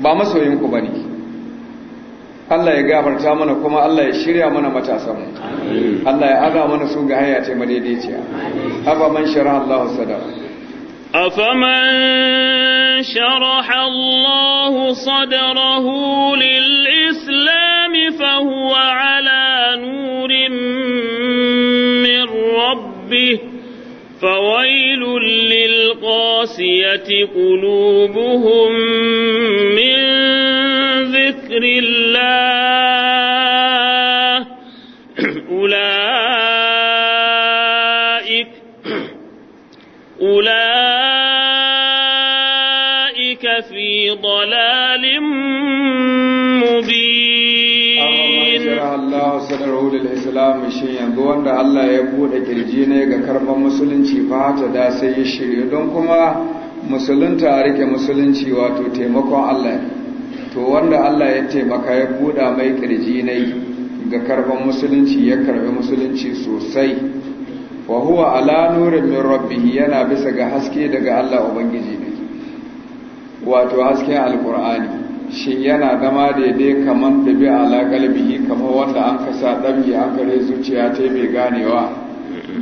ba masoyinku ba ne Allah ya gafarta mana kuma Allah ya shirya mana matasanmu Allah ya aza mana su ga hanya ce madaidaiciya haba man shara Allah sadar afaman sharaha Allah sadarahu lil islam fa huwa ala فويل للقاسية قلوبهم من ذكر الله أولئك أولئك في ضلال مبين الله صدره للإسلام yanzu wanda Allah ya buɗe kirji ne ga karɓar musulunci fa ta da sai ya shirya don kuma musulunta a rike musulunci wato taimakon Allah to wanda Allah ya taimaka ya buɗa mai kirji ne ga karɓar musulunci ya karɓi musulunci sosai wa huwa ala nurin min rabbih yana bisa ga haske daga Allah ubangiji ne wato hasken alkur'ani shin yana zama daidai kamar da bi ala kalbihi kamar wanda an kasa ɗabi an kare zuciya ta mai ganewa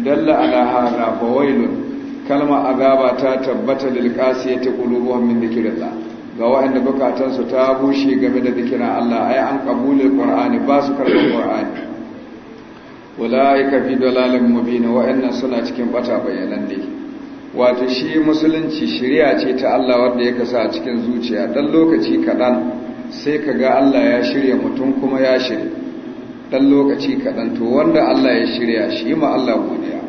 dalla ala hada fa wailun kalma azaba ta tabbata lil qasiyati qulubuhum min dhikrillah ga waɗanda bukatansu ta bushe game da zikirin Allah ai an kabulul qur'ani ba su karɓar qur'ani wala ya kafi dalalin wa'in nan suna cikin bata bayanan dai wato shi musulunci shirya ce ta Allah wanda ya kasa a cikin zuciya dan lokaci kaɗan sai ka ga Allah ya shirya mutum kuma ya shirya dan lokaci kaɗan to wanda Allah ya shirya shi ma Allah godiya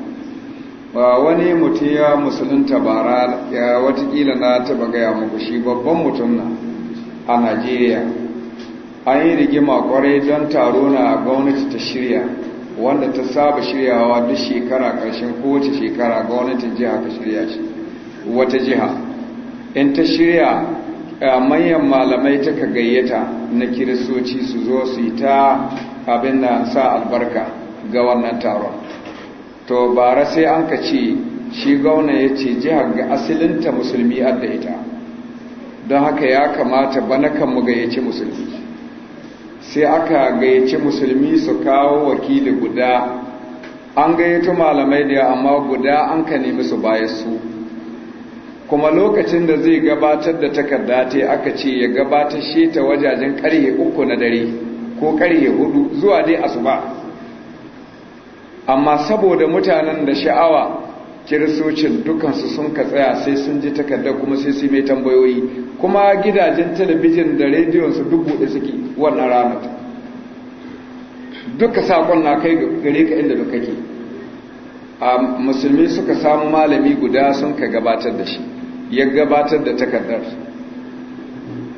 ba wani mutum ya musulunta bara ya watakila na taba gaya muku shi babban mutum na a Najeriya an yi rigima kwarai don taro na gwamnati ta shirya wanda ta saba shiryawa duk shekara ƙarshen kowace shekara ga gwamnatin jiha ka shirya shi wata jiha in ta shirya manyan malamai ta ka gayyata na kiristoci su zo su yi ta abin da sa albarka ga wannan taron to bara sai an ka ce shi gwamna ya ce jihar ga asilinta musulmi adda ita don haka ya kamata bana kan mu gayyaci musulmi sai aka gayyace musulmi su kawo wakili guda an gayyato malamai da amma guda an ka nemi su baya su kuma lokacin da zai gabatar da takarda ta aka ce ya gabatar shi ta wajajen karye uku na dare ko karye hudu zuwa dai asuba amma saboda mutanen da sha'awa kiristocin dukansu sun ka tsaya sai sun ji takarda kuma sai su mai tambayoyi kuma gidajen talabijin da rediyon su duk buɗe suke wannan ranar duka saƙon na kai gare ka inda duka ke a musulmi suka samu malami guda sun ka gabatar da shi ya gabatar da takardar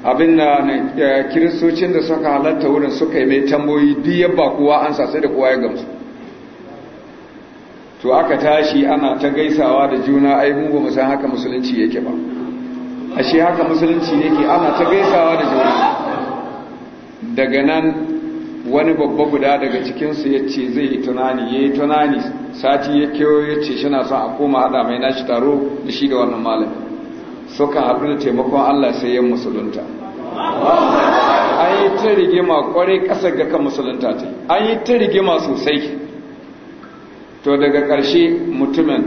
abin da kiristocin da suka halatta wurin suka yi mai tambayoyi duk yabba kowa an sa sai da kowa ya gamsu to aka tashi ana ta gaisawa da juna ai mu ba mu san haka musulunci yake ba ashe haka musulunci yake ana ta gaisawa da juna daga nan wani babba guda daga cikinsu ya ce zai yi tunani yayi tunani sati ya kewo ya ce shi na son a koma hada mai nashi taro da shi da wannan malam suka haɗu da taimakon allah sai yin musulunta an yi ta rigima kwarai ƙasar ga kan musulunta ta an yi ta rigima sosai to daga ƙarshe mutumin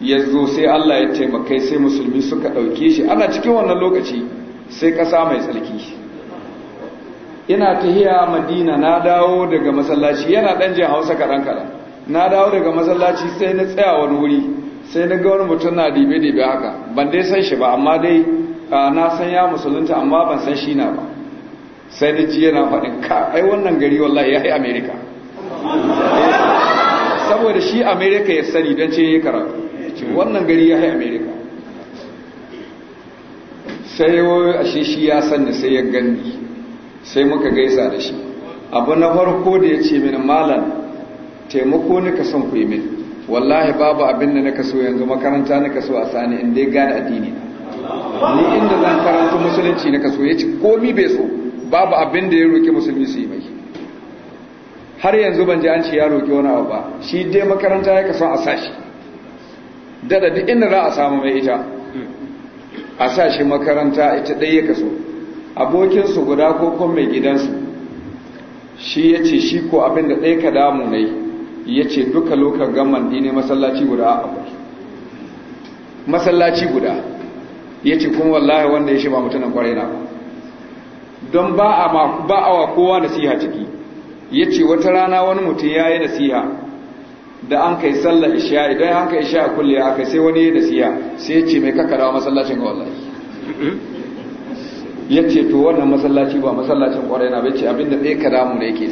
ya zo sai Allah ya taimakai sai musulmi suka ɗauke shi ana cikin wannan lokaci sai ƙasa mai tsarki ina tahiya madina na dawo daga masallaci yana ɗan jin hausa kaɗan kaɗan na dawo daga masallaci sai na tsaya wani wuri sai na ga wani mutum na dibe-dibe haka ban dai san shi ba amma dai na san ya musulunta amma ban san shi na ba sai na ji yana faɗin ka ai wannan gari wallahi ya yi amerika saboda shi Amerika ya sani don ce ya karatu wannan gari ya hai Amerika. sai yawai ashe shi ya sani sai ya gani sai muka gaisa da shi abu na farko da ya ce mini malam taimako ni ka son kuyi min wallahi babu abin da naka so yanzu makaranta naka so a sani inda ya gane addini ni inda zan karanta musulunci naka so ya ce komi bai so babu abin da ya roƙi musulunci su yi mai har yanzu ban ji an ce ya roƙi wani abu ba shi dai makaranta ya kasan a sashi dada duk inda za a samu mai ita a sashi makaranta ita ɗaya ya kaso abokinsu guda ko kun mai gidansu shi ya ce shi ko abin da ɗaya ka damu ne ya ce duka lokacin gaman ne masallaci guda a abu masallaci guda ya ce kuma wallahi wanda ya shi ba mutunan kwarai na don ba a wa kowa nasiha ciki ya ce wata rana wani mutum ya yi nasiha da an kai sallar isha idan an kai isha kulle a kai sai wani ya yi nasiha sai ya ce mai kakarawa masallacin ga wallahi ya ce to wannan masallaci ba masallacin kwarai na bace abinda ɗaya ka damu ne yake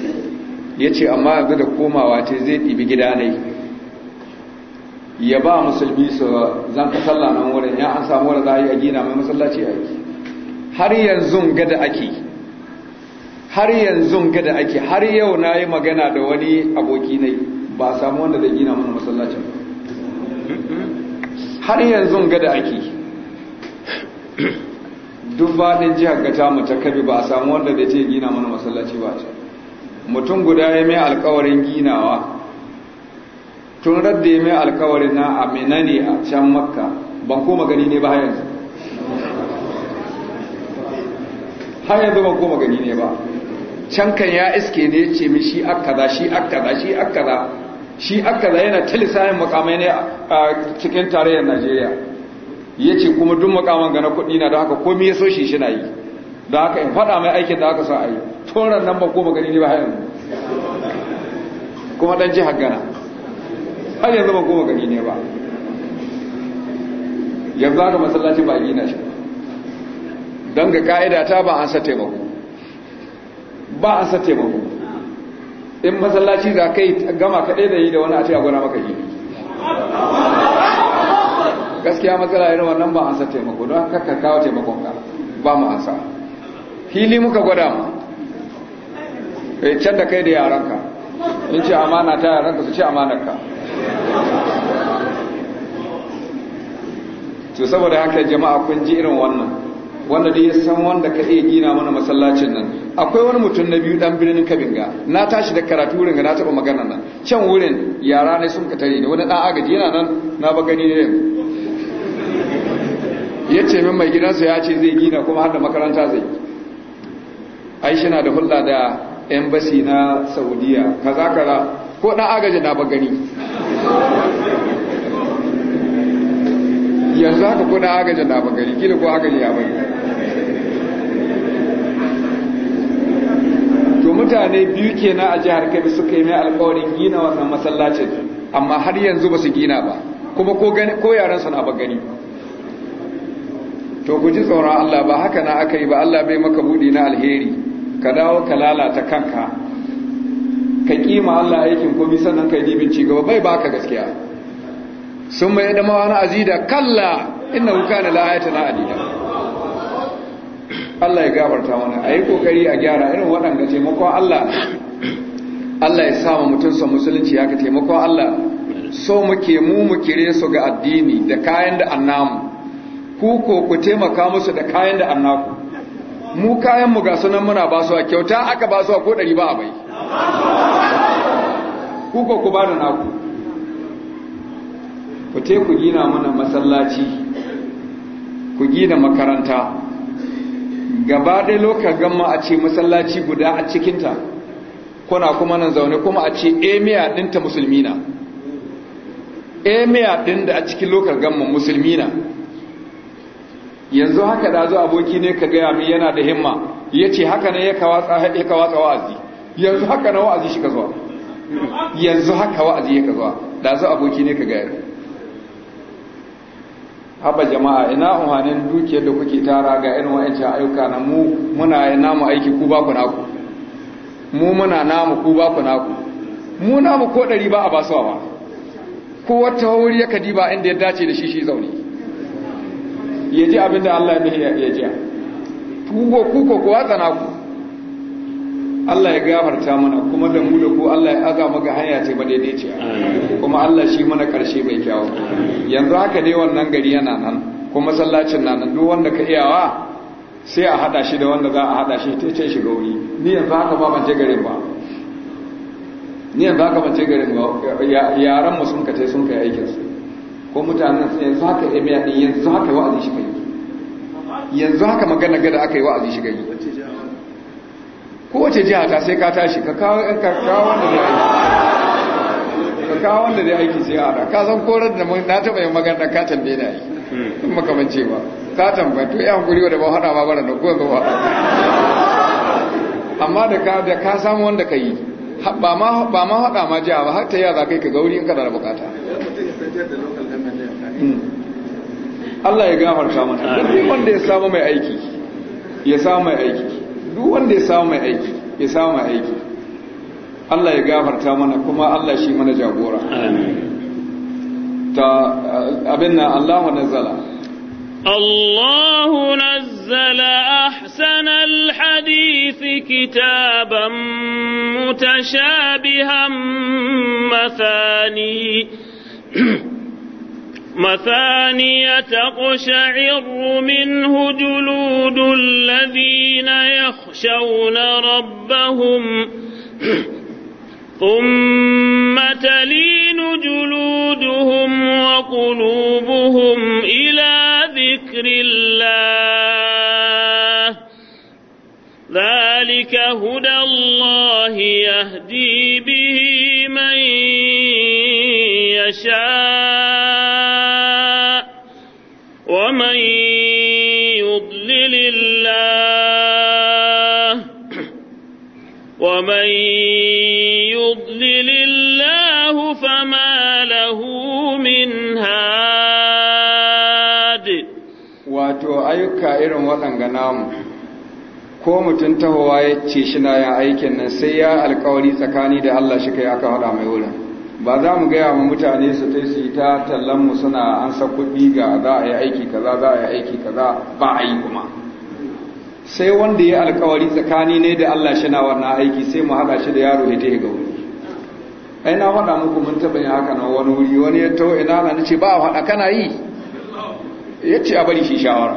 ya ce amma yanzu da komawa ce zai ɗibi gida ne ya ba musulmi su zan ka sallah nan wurin ya an samu wani za a yi a gina mai masallaci a yi har yanzu gada ake har yanzu ga da ake har yau na yi magana da wani aboki na ba a samu wanda da gina mana masallacin har yanzu ga da ake duk faɗin jihar ga tamu ta kabi ba a samu wanda da ce gina mana masallaci ba ce mutum guda ya mai alkawarin ginawa tun radda ya mai alkawarin na amina ne a can makka ban koma gani ne ba yanzu har yanzu ban koma gani ne ba can kan ya iske ne ya ce min shi za shi za shi za shi za yana ta lissahin makamai ne a cikin tarayyar najeriya ya ce kuma duk makaman gana na kuɗi na da haka komi ya so shi shi na yi da haka in faɗa mai aikin da aka sa a yi toron nan ba koma gani ne ba hayan kuma ɗan jihar gana har yanzu ba koma gani ne ba yanzu haka masallaci ba gina shi don ga ka'ida ta ba an sa taimako ba an sa taimako in masallaci za kai gama kaɗai da yi da wani a ce a gwada maka yi. gaskiya matsala yana wannan ba an sa taimako don haka kawo taimakon ka ba mu an sa hili muka gwada mu eh, can da kai da yaranka in ce amana ta yaranka su ce amanarka to saboda haka jama'a kun ji irin wannan wanda dai ya san wanda ka iya gina mana masallacin nan akwai wani mutum na biyu dan birnin kabinga na tashi da karatu wurin ga na taba magana nan can wurin yara ne sun ka tare ne wani dan agaji yana nan na ba gani ne ya ce min mai gidansa ya ce zai gina kuma har da makaranta zai ai shi na da hulɗa da embassy na saudiya kaza kaza ko dan agaji na ba gani yanzu haka kuna agajin na bakari kila ko agaji ya bai to mutane biyu ke na a jihar kebbi suka yi mai alkawarin gina wannan masallacin amma har yanzu ba su gina ba kuma ko yaran su na gani. to guji tsoron Allah ba haka na aka yi ba Allah bai maka budi na alheri ka dawo ka lalata kanka ka kima Allah aikin komi sannan ka yi dibin cigaba bai baka gaskiya sun mai da mawana azida kalla ina wuka na la'ayata na adida Allah ya gabarta mana a yi kokari a gyara irin waɗanda taimakon Allah Allah ya samu mutum son musulunci ya ka taimakon Allah so muke mu mu kire su ga addini da kayan da annamu ku ko ku taimaka musu da kayan da annaku mu kayan mu ga sunan muna ba su a kyauta aka ba su a ko ɗari ba a bai ku ko ku ba da naku ku te ku gina mana masallaci ku gina makaranta gaba ɗaya lokacin gama a ce masallaci guda a cikinta kuna kuma nan zaune kuma a ce emiya ɗinta musulmi na emiya ɗin da a cikin lokacin gama musulmi na yanzu haka da zo aboki ne ka gaya min yana da himma ya ce haka ne ya kawatsa wa'azi yanzu haka na wa'azi shi ka zuwa yanzu haka wa'azi ya ka zuwa da zo aboki ne ka gaya haba jama'a ina umarnin dukiyar da kuke tara ga irin wa'ancan ayyuka na mu muna yi namu aiki ku ba ku naku mu muna namu ku ba ku naku mu namu ko ɗari ba a basu ba ko wata wuri ya Kadi ba inda ya dace da shi shi zaune ya ji abin da Allah ya ji ya ji ku ko kuwa tsana ku Allah ya gafarta mana kuma da mu da ku Allah ya aga maka hanya ce madaidaiciya kuma Allah shi mana karshe mai kyawu yanzu haka dai wannan gari yana nan kuma masallacin na nan duk wanda ka iyawa sai a hada shi da wanda za a hada shi ta ce shiga wuri ni yanzu haka ba ban je garin ba ni yanzu haka ban je garin ba yaran mu sun kace sun kai aikin su ko mutanen sun yanzu haka emiya yanzu haka wa'azi shi kai yanzu haka magana gada aka yi wa'azi shi kai kowace jiha ta sai ka tashi ka kawo wanda da aiki ka kawo wanda da aiki sai ana ka zan korar da na taɓa yin magana ka tambaye na yi in makamance ba ka tambaye to yan guri wadda ba haɗa ba bara da ko ga ba amma da ka da ka samu wanda ka yi ba ma ba ma haɗa ma jiha ba har ta yi za kai ka gauri in ka da bukata hmm. Allah ya gafarta da duk wanda ya samu mai aiki ya samu mai aiki duk wanda ya samu mai aiki ya samu mai aiki Allah ya gafarta mana kuma Allah shi mana jagora ta abin nan Allahu wa nazala الله نزل أحسن الحديث كتابا متشابها مثاني مثانية تقشعر منه جلود الذين يخشون ربهم ثم تلين جلودهم وقلوبهم إلى ذكر الله ذلك هدى الله يهدي به من يشاء ومن يضلل الله ومن يضلل الله فما له من هاد wato ayyuka irin waɗanga namu ko mutum tahowa ya ce shi na yin aikin nan sai ya alkawari tsakani da Allah shi kai aka haɗa mai wurin ba za mu gaya wa mutane su ta su yi ta tallan mu suna an sa kuɗi ga za a yi aiki kaza za a yi aiki kaza ba a yi kuma sai wanda ya alkawari tsakani ne da Allah shi na wannan aiki sai mu haɗa shi da yaro ya ta ga wuri ai na faɗa muku mun taɓa yin haka na wani wuri wani ya tau ina na ce ba a faɗa kana yi ya ce a bari shi shawara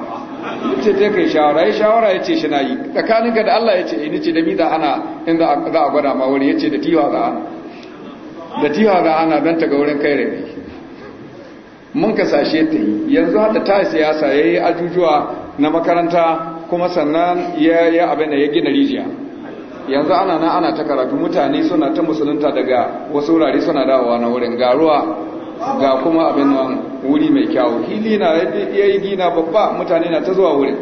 ya ce ta kai shawara ya shawara ya ce shi na yi tsakaninka da Allah ya ce eh, ni ce da mi ana inda za a gwada ma wuri ya ce da tiwa za a da tiwa ga ana don ta ga wurin kai rabi mun ka sashe ta yi yanzu hata ta siyasa ya yi ajujuwa na makaranta kuma sannan ya yi abin da ya gina rijiya yanzu ana na ana ta karatu mutane suna ta musulunta daga wasu wurare suna dawowa na wurin ga ga kuma abin nan wuri mai kyawu hili na ya yi gina babba mutane na ta zuwa wurin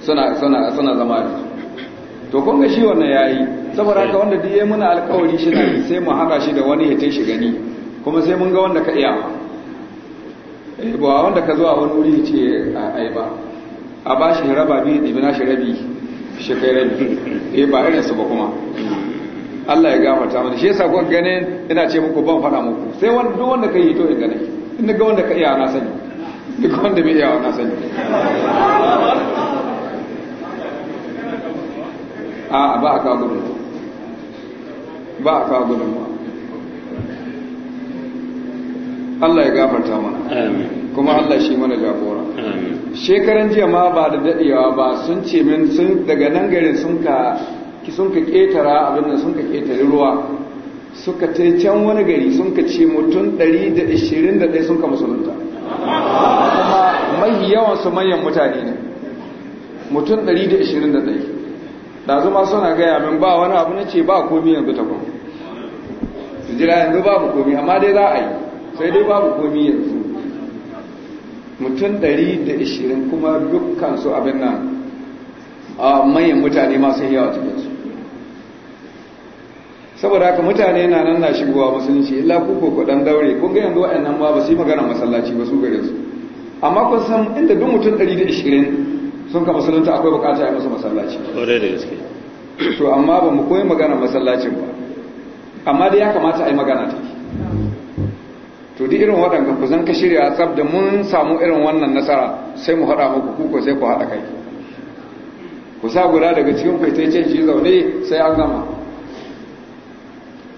suna zama to kun shi wannan ya yi saboda haka wanda duk yayin muna alƙawari shi sai mu haka shi da wani ya tashi gani kuma sai mun ga wanda ka iya eh ba wanda ka zo a wani wuri ce ai ba a ba shi raba bi da bina shi rabi shi kai rabi eh ba irin su ba kuma Allah ya gafarta mana shi yasa kun gane ina ce muku ban faɗa muku sai wanda duk wanda kai to in gane in ga wanda ka iya na sani duk wanda bai iya na sani a ba a kawo gudunmu ba a kawo Allah ya gafarta mana kuma Allah shi mana jagora shekaran jiya ma ba da dadewa ba sun ce min sun daga nan garin sun ka sun ka ketara abin da sun ka ketare ruwa suka ce can wani gari sun ka ce mutum 121 sun ka musulunta kuma mai yawan su manyan mutane ne mutum 121 da zuma suna gaya min ba wani abu na ce ba komi yanzu ta kuma su jira yanzu babu komi amma dai za a yi sai dai babu komi yanzu mutum 120 kuma dukkan su abin nan a manyan mutane masu yawa cikinsu saboda haka mutane na nan na shigowa musulunci illa kuko kudan daure kun ga yanzu wa'annan ba ba su yi magana masallaci ba su gare su amma kun san inda duk mutum ishirin. sun ka musulunta akwai bukata ya musu masallaci to amma ba mu koyi magana masallacin ba amma da ya kamata a yi magana take to di irin waɗanda ku zan ka shirya tsab da mun samu irin wannan nasara sai mu haɗa muku kuku sai ku haɗa kai ku sa guda daga cikin kwaitaicen shi zaune sai an gama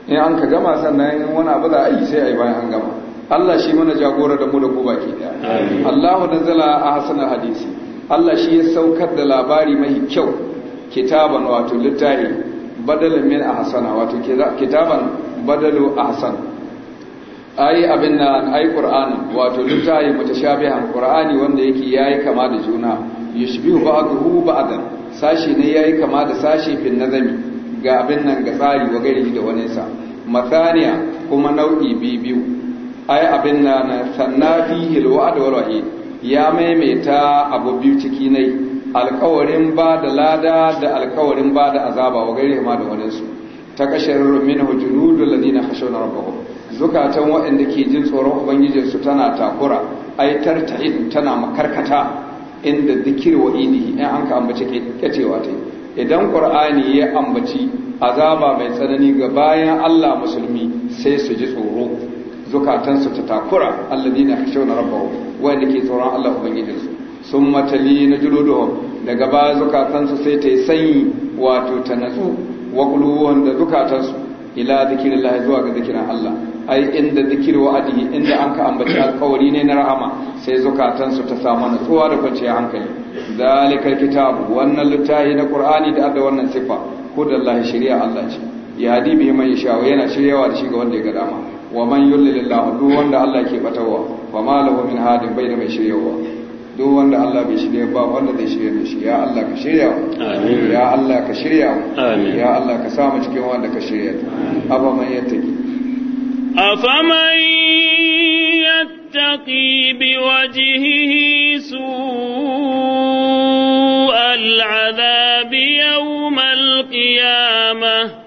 in an ka gama sannan in wani abu za a yi sai a yi bayan an gama Allah shi mana jagora da mu da ku baki ɗaya. Allahu zala a hasana hadisi Allah shi ya saukar da labari mai kyau kitaban wato littafi badalin min ahsana wato kitaban badalu ahsan ai abin nan ai qur'ani wato littafi mutashabihan qur'ani wanda yake yayi kama da juna yushbihu ba'dahu ba'dan sashi ne yayi kama da sashi fil nazami ga abin nan ga tsari wa gari da wani sa mathaniya kuma nau'i bibiyu ai abin nan sannafihi alwa'd wal ya maimaita abu biyu ciki nai alkawarin ba da lada da alkawarin ba da azaba wa gare ma da waninsu ta kashe rumin hujjuru da na hashe na rabahu zukatan waɗanda ke jin tsoron ubangijinsu tana takura ai tartahin tana makarkata inda zikir wa idihi in an ka ambaci kyacewa ta idan ƙur'ani ya ambaci azaba mai tsanani ga bayan allah musulmi sai su ji tsoro zukatansu ta takura kashe na rabbahum wanda ke tsoron Allah ubangijinsu sun matali na juluduhum daga ba zukatansu sai ta yi sanyi wato ta natsu wa kuluwan da zukatansu ila zikirillahi zuwa ga zikirin Allah ai inda zikir wa'adihi inda an ka ambaci alkawari ne na rahama sai zukatansu ta samu natsuwa da kwanciyar hankali zalikal kitabu wannan littafi na qur'ani da adda wannan sifa hudallahi shari'a Allah ce ya hadi bi man yasha yana shiryawa da shi ga wanda ya ga dama wa man yulli lillah duk wanda Allah ke batawa fa ma lahu min hadin bai da mai shiryawa duk wanda Allah bai shirya ba wanda zai shirya da shi ya Allah ka shirya amin ya Allah ka shirya amin ya Allah ka samu cikin wanda ka shirya afa man yattaqi afa man yattaqi bi wajhihi su'al 'adhabi yawm al-qiyamah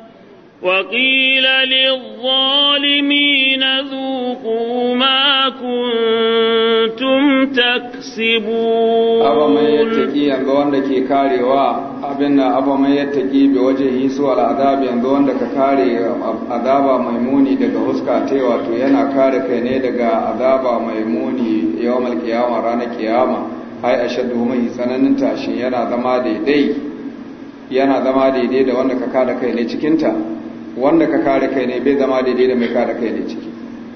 وقيل للظالمين ذوقوا ما كنتم تكسبون أبا من يتقي أنه وندك كاري abin abu mai ya taƙi bi waje hisu al'adabi yanzu da ka kare azaba mai muni daga huska ta wato yana kare kai ne daga azaba mai muni yawon alkiyama ranar kiyama ai a shaddu mai tsananin tashin yana zama daidai yana zama daidai da wanda ka kare kai ne ta. wanda ka kare kai ne bai zama daidai da mai kare kai ne ciki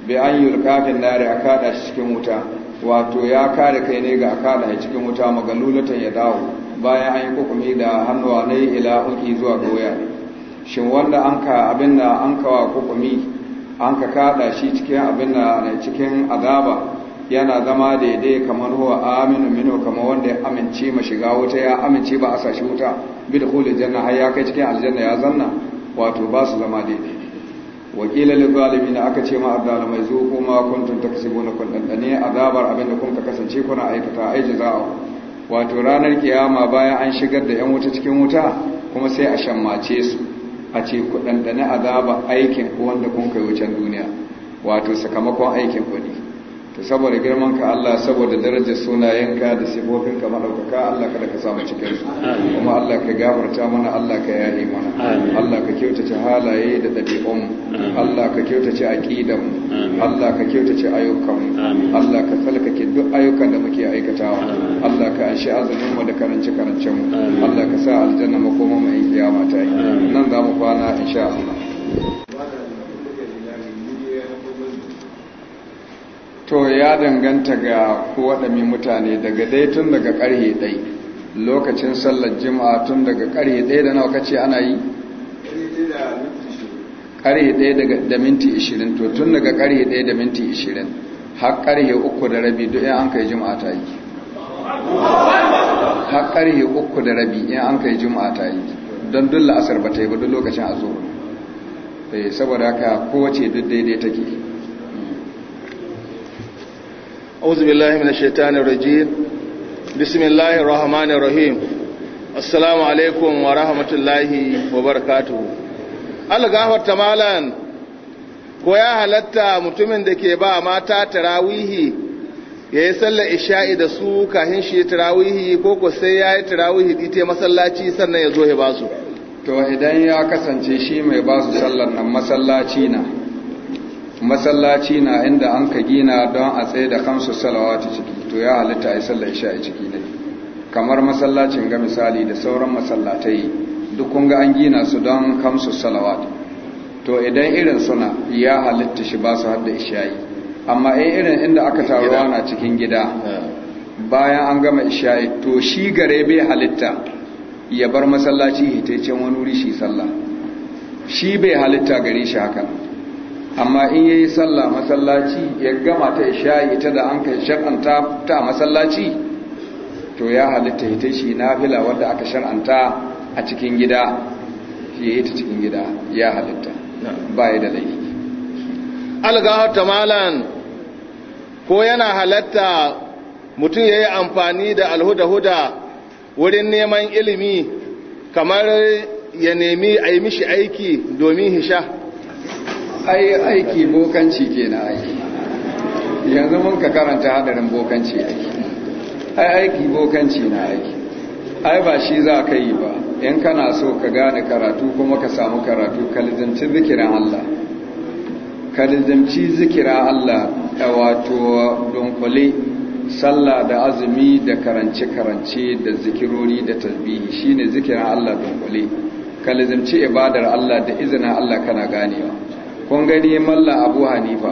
bai an yi rikafin nare a kada shi cikin wuta wato ya kare kai ne ga a kada shi cikin wuta magalulatan ya dawo bayan an yi kukumi da hannuwa na yi ila uki zuwa goya shin wanda an ka abin da an kawa kukumi an ka kada shi cikin abin da na cikin azaba yana zama daidai kamar huwa aminu minu kamar wanda ya amince ma shiga wuta ya amince ba a sashi wuta bi da janna har ya kai cikin aljanna ya zanna wato ba su zama daidai wakilan zalimi na aka ce ma azzalimai zo kuma kuntum taksibu na kun dandane azabar abin da kuma kasance kuna aikata a jaza'u wato ranar kiyama bayan an shigar da yan wuta cikin wuta kuma sai a shammace su a ce ku dandane azaba aikin ku wanda kun kai wucen duniya wato sakamakon aikin ku to saboda girman ka Allah saboda darajar sunayenka da sifofin ka madaukaka Allah kada ka samu cikin su kuma Allah ka gafarta mana Allah ka yahi mana Allah ka kyautace halaye da dabi'un Allah ka kyautace aqidan Allah ka kyautace ayyukan Allah ka salkake duk ayyukan da muke aikatawa Allah ka anshi azumin mu da karance karancin mu Allah ka sa aljanna makoma mai kiyama ta yi nan za mu kwana insha Allah to ya danganta ga waɗanne mutane daga dai tun daga ƙarhe ɗai lokacin sallar jima'a tun daga ƙarhe ɗai da nawa kace ana yi ƙarhe ɗai da minti ishirin to tun daga ƙarhe ɗai da minti ishirin har ƙarhe uku da rabi duk in an kai jima'a ta yi har ƙarhe uku da rabi in an kai jima'a ta yi don duk la'asar ba ta yi ba duk lokacin a zo. Eh, saboda haka kowace duk daidai take أعوذ بالله من الشيطان الرجيم بسم الله الرحمن الرحيم السلام عليكم ورحمة الله وبركاته algafar tamalan ko ya halatta mutumin da ke ba mata tarawihi ya yi sallar isha'i da su kahin shi tarawihi ko ko sai ya yi tarawihi dite masallaci sannan ya zo ya ba su to idan ya kasance shi mai ba su sallar nan masallaci na masallaci na inda an ka gina don a tsaye da kansu salawati ciki to ya halitta a yi sallar isha a ciki ne kamar masallacin ga misali da sauran masallatai duk kun ga an gina su don kamsu salawati to idan irin suna ya halitta shi ba su hadda ishayi amma in irin inda aka taruwa na cikin gida bayan an gama ishayi to shi gare bai halitta ya bar masallaci hitaccen wani wuri shi sallah shi bai halitta gare shi hakan amma in yayi sallah masallaci ya gama ta yi ta da an kan shar'anta ta masallaci to ya halitta ita shi nafila wanda aka shar'anta a cikin gida shi yayi ta cikin gida ya halitta ba ya da laifi algawa tamalan ko yana halatta mutum yayi amfani da alhuda-huda wurin neman ilimi kamar ya nemi a yi mishi aiki domin hisha ai aiki bokanci kenan aiki yanzu mun ka karanta hadarin bokanci aiki ai aiki bokanci na aiki ai ba shi za ka yi ba in kana so ka gane karatu kuma ka samu karatu kalizanci zikirin Allah kalizanci zikirin Allah da wato dunkule sallah da azumi da karance-karance da zikirori da tasbihi shine zikirin Allah dunkule kalizanci ibadar Allah da izinin Allah kana ganewa kun gani malla abu hanifa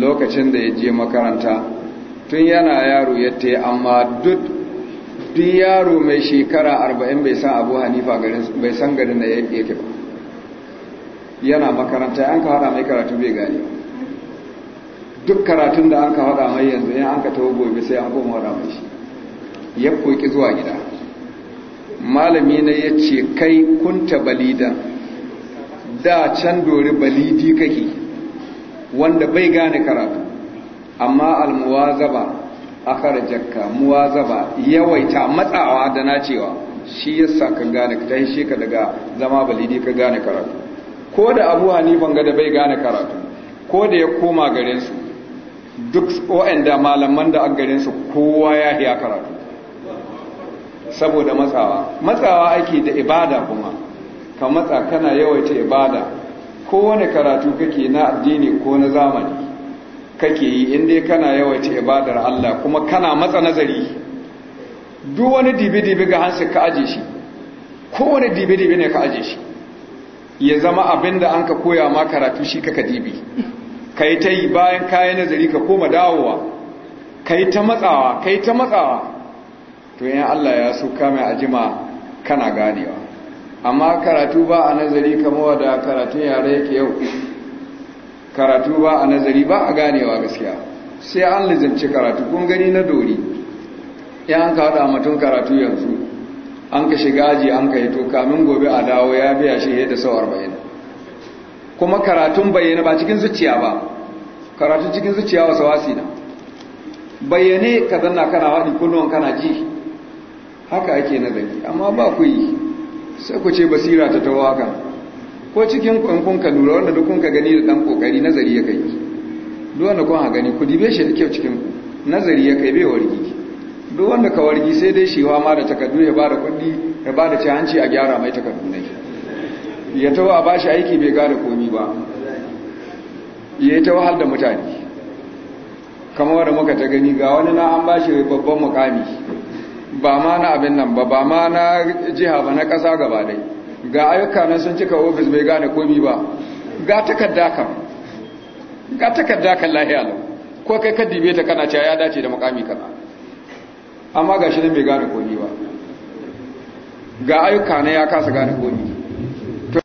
lokacin da ya je makaranta tun yana yaro ya te amma duk duk yaro mai shekara arba'in bai san abu hanifa bai san garin da yake ba yana makaranta an ka hada mai karatu bai gane duk karatun da an ka hada mai yanzu yan an ka tawo gobe sai an koma hada mai shi ya koki zuwa gida malami na ya ce kai kunta balidan da can dori balidi kake wanda bai gane karatu amma almuwazaba akara jakka muwazaba yawaita matsawa da na cewa shi yasa ka gane ka tashi ka daga zama balidi ka gane karatu ko da abu hanifan banga da bai gane karatu ko da ya koma garin su duk da malaman da a garin kowa ya hiya karatu saboda matsawa matsawa ake da ibada kuma ka matsa kana yawaita ibada kowane karatu kake na addini ko na zamani kake yi inda kana yawaita ibadar Allah kuma kana matsa nazari duk wani dibi-dibi ga hansu ka aje shi kowane dibi-dibi ne ka aje shi ya zama abin da an ka koya ma karatu shi kaka dibi ka yi ta yi bayan kayan nazari ka koma dawowa ka yi ta matsawa ka yi ta matsawa to yin Allah ya so kame a jima kana ganewa amma karatu ba a nazari kama wada karatun yare yake yau karatu ba a nazari ba a ganewa gaskiya sai an lizanci karatu kun gani na dori ya an ka haɗa mutum karatu yanzu an ka shiga aji an ka yi toka kamin gobe a dawo ya biya shi da sau arba'in kuma karatun bayyana ba cikin zuciya ba karatun cikin zuciya wasu wasi na bayyane ka zanna kana waɗi kullum kana ji haka ake nazari amma ba ku yi sai ku ce basira ta tawo haka ko cikin kun ka lura wanda duk kun ka gani da dan kokari nazari ya kai duk wanda kun ha gani ku dibe shi da kyau cikin ku nazari ya kai bai wargi duk wanda ka wargi sai dai shi ma da takaddu ya bada kuɗi ya bada ci hanci a gyara mai takaddu ne ya tawo a bashi aiki bai gane komi ba ya yi ta da mutane kamar da muka ta gani ga wani na an bashi babban mukami ba ma na abin nan ba ba ma na jiha ba na ƙasa gaba dai ga ayyuka nan sun cika ofis bai gane komi ba ga takarda kan ga takarda kan lahiya lau ko kai ka dibe ta kana cewa ya dace da mukami kana amma ga shi nan bai gane komi ba ga ayyuka na ya kasa gane komi